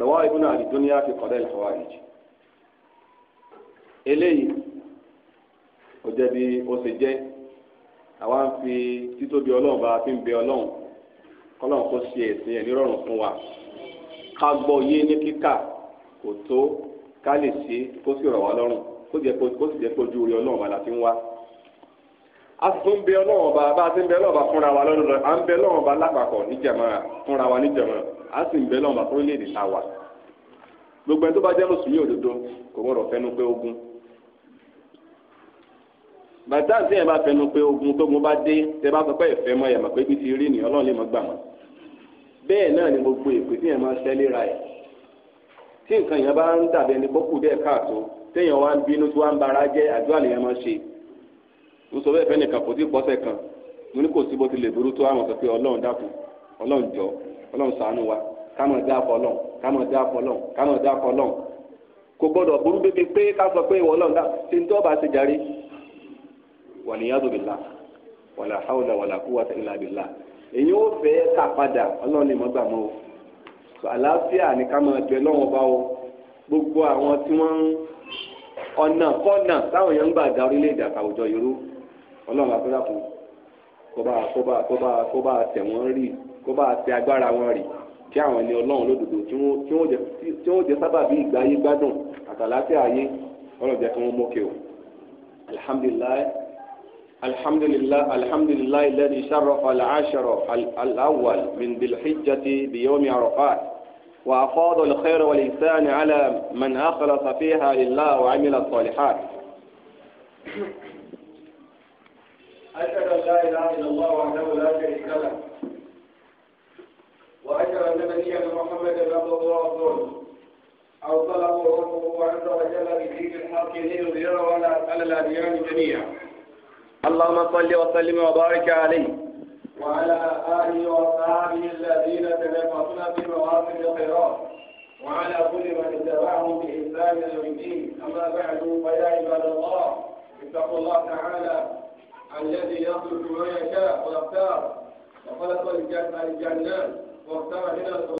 S1: rẹwà ibùdó àdìdúnyà fi kọ́lẹ́ ìlàwọ̀ àyíjì eléyìí ó jẹ́ bí ó ṣe jẹ́ àwa ń fi títóbi ọlọ́run bá a fi ń bẹ ọlọ́run kọ́lọ́run kó ṣe ẹ̀sìn ẹ̀ nírọ̀rùn fún wa ká gbọ́ yé ní kíkà kò tó ká lè ṣe kó sì rọ̀ wá lọ́rùn kó sì jẹ́ pé ojú orí ọlọ́run bá la fi ń wá a sì tún bẹ ọlọ́run ọba bá a ti ń bẹ ọlọ́run ọba fúnra wa lọ́dún lọ́dún à ń bẹ ọlọ́run ọba lápapọ̀ níjàmọ́ fúnra wa níjàmọ́ a sì ń bẹ ọlọ́run ọba fún orílẹ̀-èdè ta gbogbo ẹni tó bá jẹ́ mùsùlùmí òdodo kò gbọ́dọ̀ fẹnu pé ogun bàtà tí yẹn bá fẹnu pé ogun tógun bá dé tẹ bá sọ pé ìfẹ́ mọ yàmà pé bí ti rí ni Ọlọ́run lè mọ gbà wọn bẹ́ẹ̀ náà ni gbogbo èpè tí yẹn máa ṣẹ léra ẹ tí nǹkan yẹn bá ń dàbí ẹni pọkù bẹ́ẹ̀ káàtó téèyàn wá ń bínú tí wá ń bara jẹ àdúrà lèèyàn máa ṣe mo sọ bẹ́ẹ̀ fẹnìkan kò tí ì pọsẹ kan mo ní kò sí bó ti lè burú tó àwọn sọ pé Ọlọ́run dákun Ọlọ́run jọ Ọlọ́run ṣàánú wa kámọ dá fọlọ kámọ dá fọlọ kámọ dá fọlọ kò gbọ́dọ̀ wàlíyàdù bìlá wàlà hàwùlà wàlà kúwàtà ìlà bìlá èyí ó fẹ́ kà padà ọlọ́run ìmọ̀ gbà mọ́ o àlàáfíà ní ká máa bẹ lọ́wọ́ bá o gbogbo àwọn tí wọ́n ń ọ̀nà kọ́nà táwọn èèyàn ń gbà da orílẹ̀-èdè àtàwùjọ yorù ọlọ́run àtúndà kù kó bá kó bá kó bá kó bá tẹ̀ wọ́n rì kó bá tẹ agbára wọn rì kí àwọn ẹni ọlọ́run lódodo tí wọ́n jẹ sábàbí ìgbáyé gbádùn àtàlàáfíà ayé ọlọ́run jẹ́ kí wọ́n mọ́kè o alihamdulilayi. الحمد لله الحمد لله الذي شرف العاشر الأول من ذي الحجة بيوم عرفات وأفاض الخير والإنسان على من أخلص فيها لله وعمل الصالحات أشهد أن لا إله إلا الله وحده لا شريك له وأشهد أن نبينا محمدا عبده ورسوله أرسله ربه عز وجل بدين الحق ليظهره على الأديان جميعا اللهم صل وسلم وبارك عليه وعلى آله وأصحابه الذين تلفظنا مواقف الخيرات وعلى كل من اتبعهم بإحسان يوم الدين أما بعد فيا عباد الله اتقوا الله تعالى الذي يخلق ما يشاء ويختار وخلق الجنه واختار هنا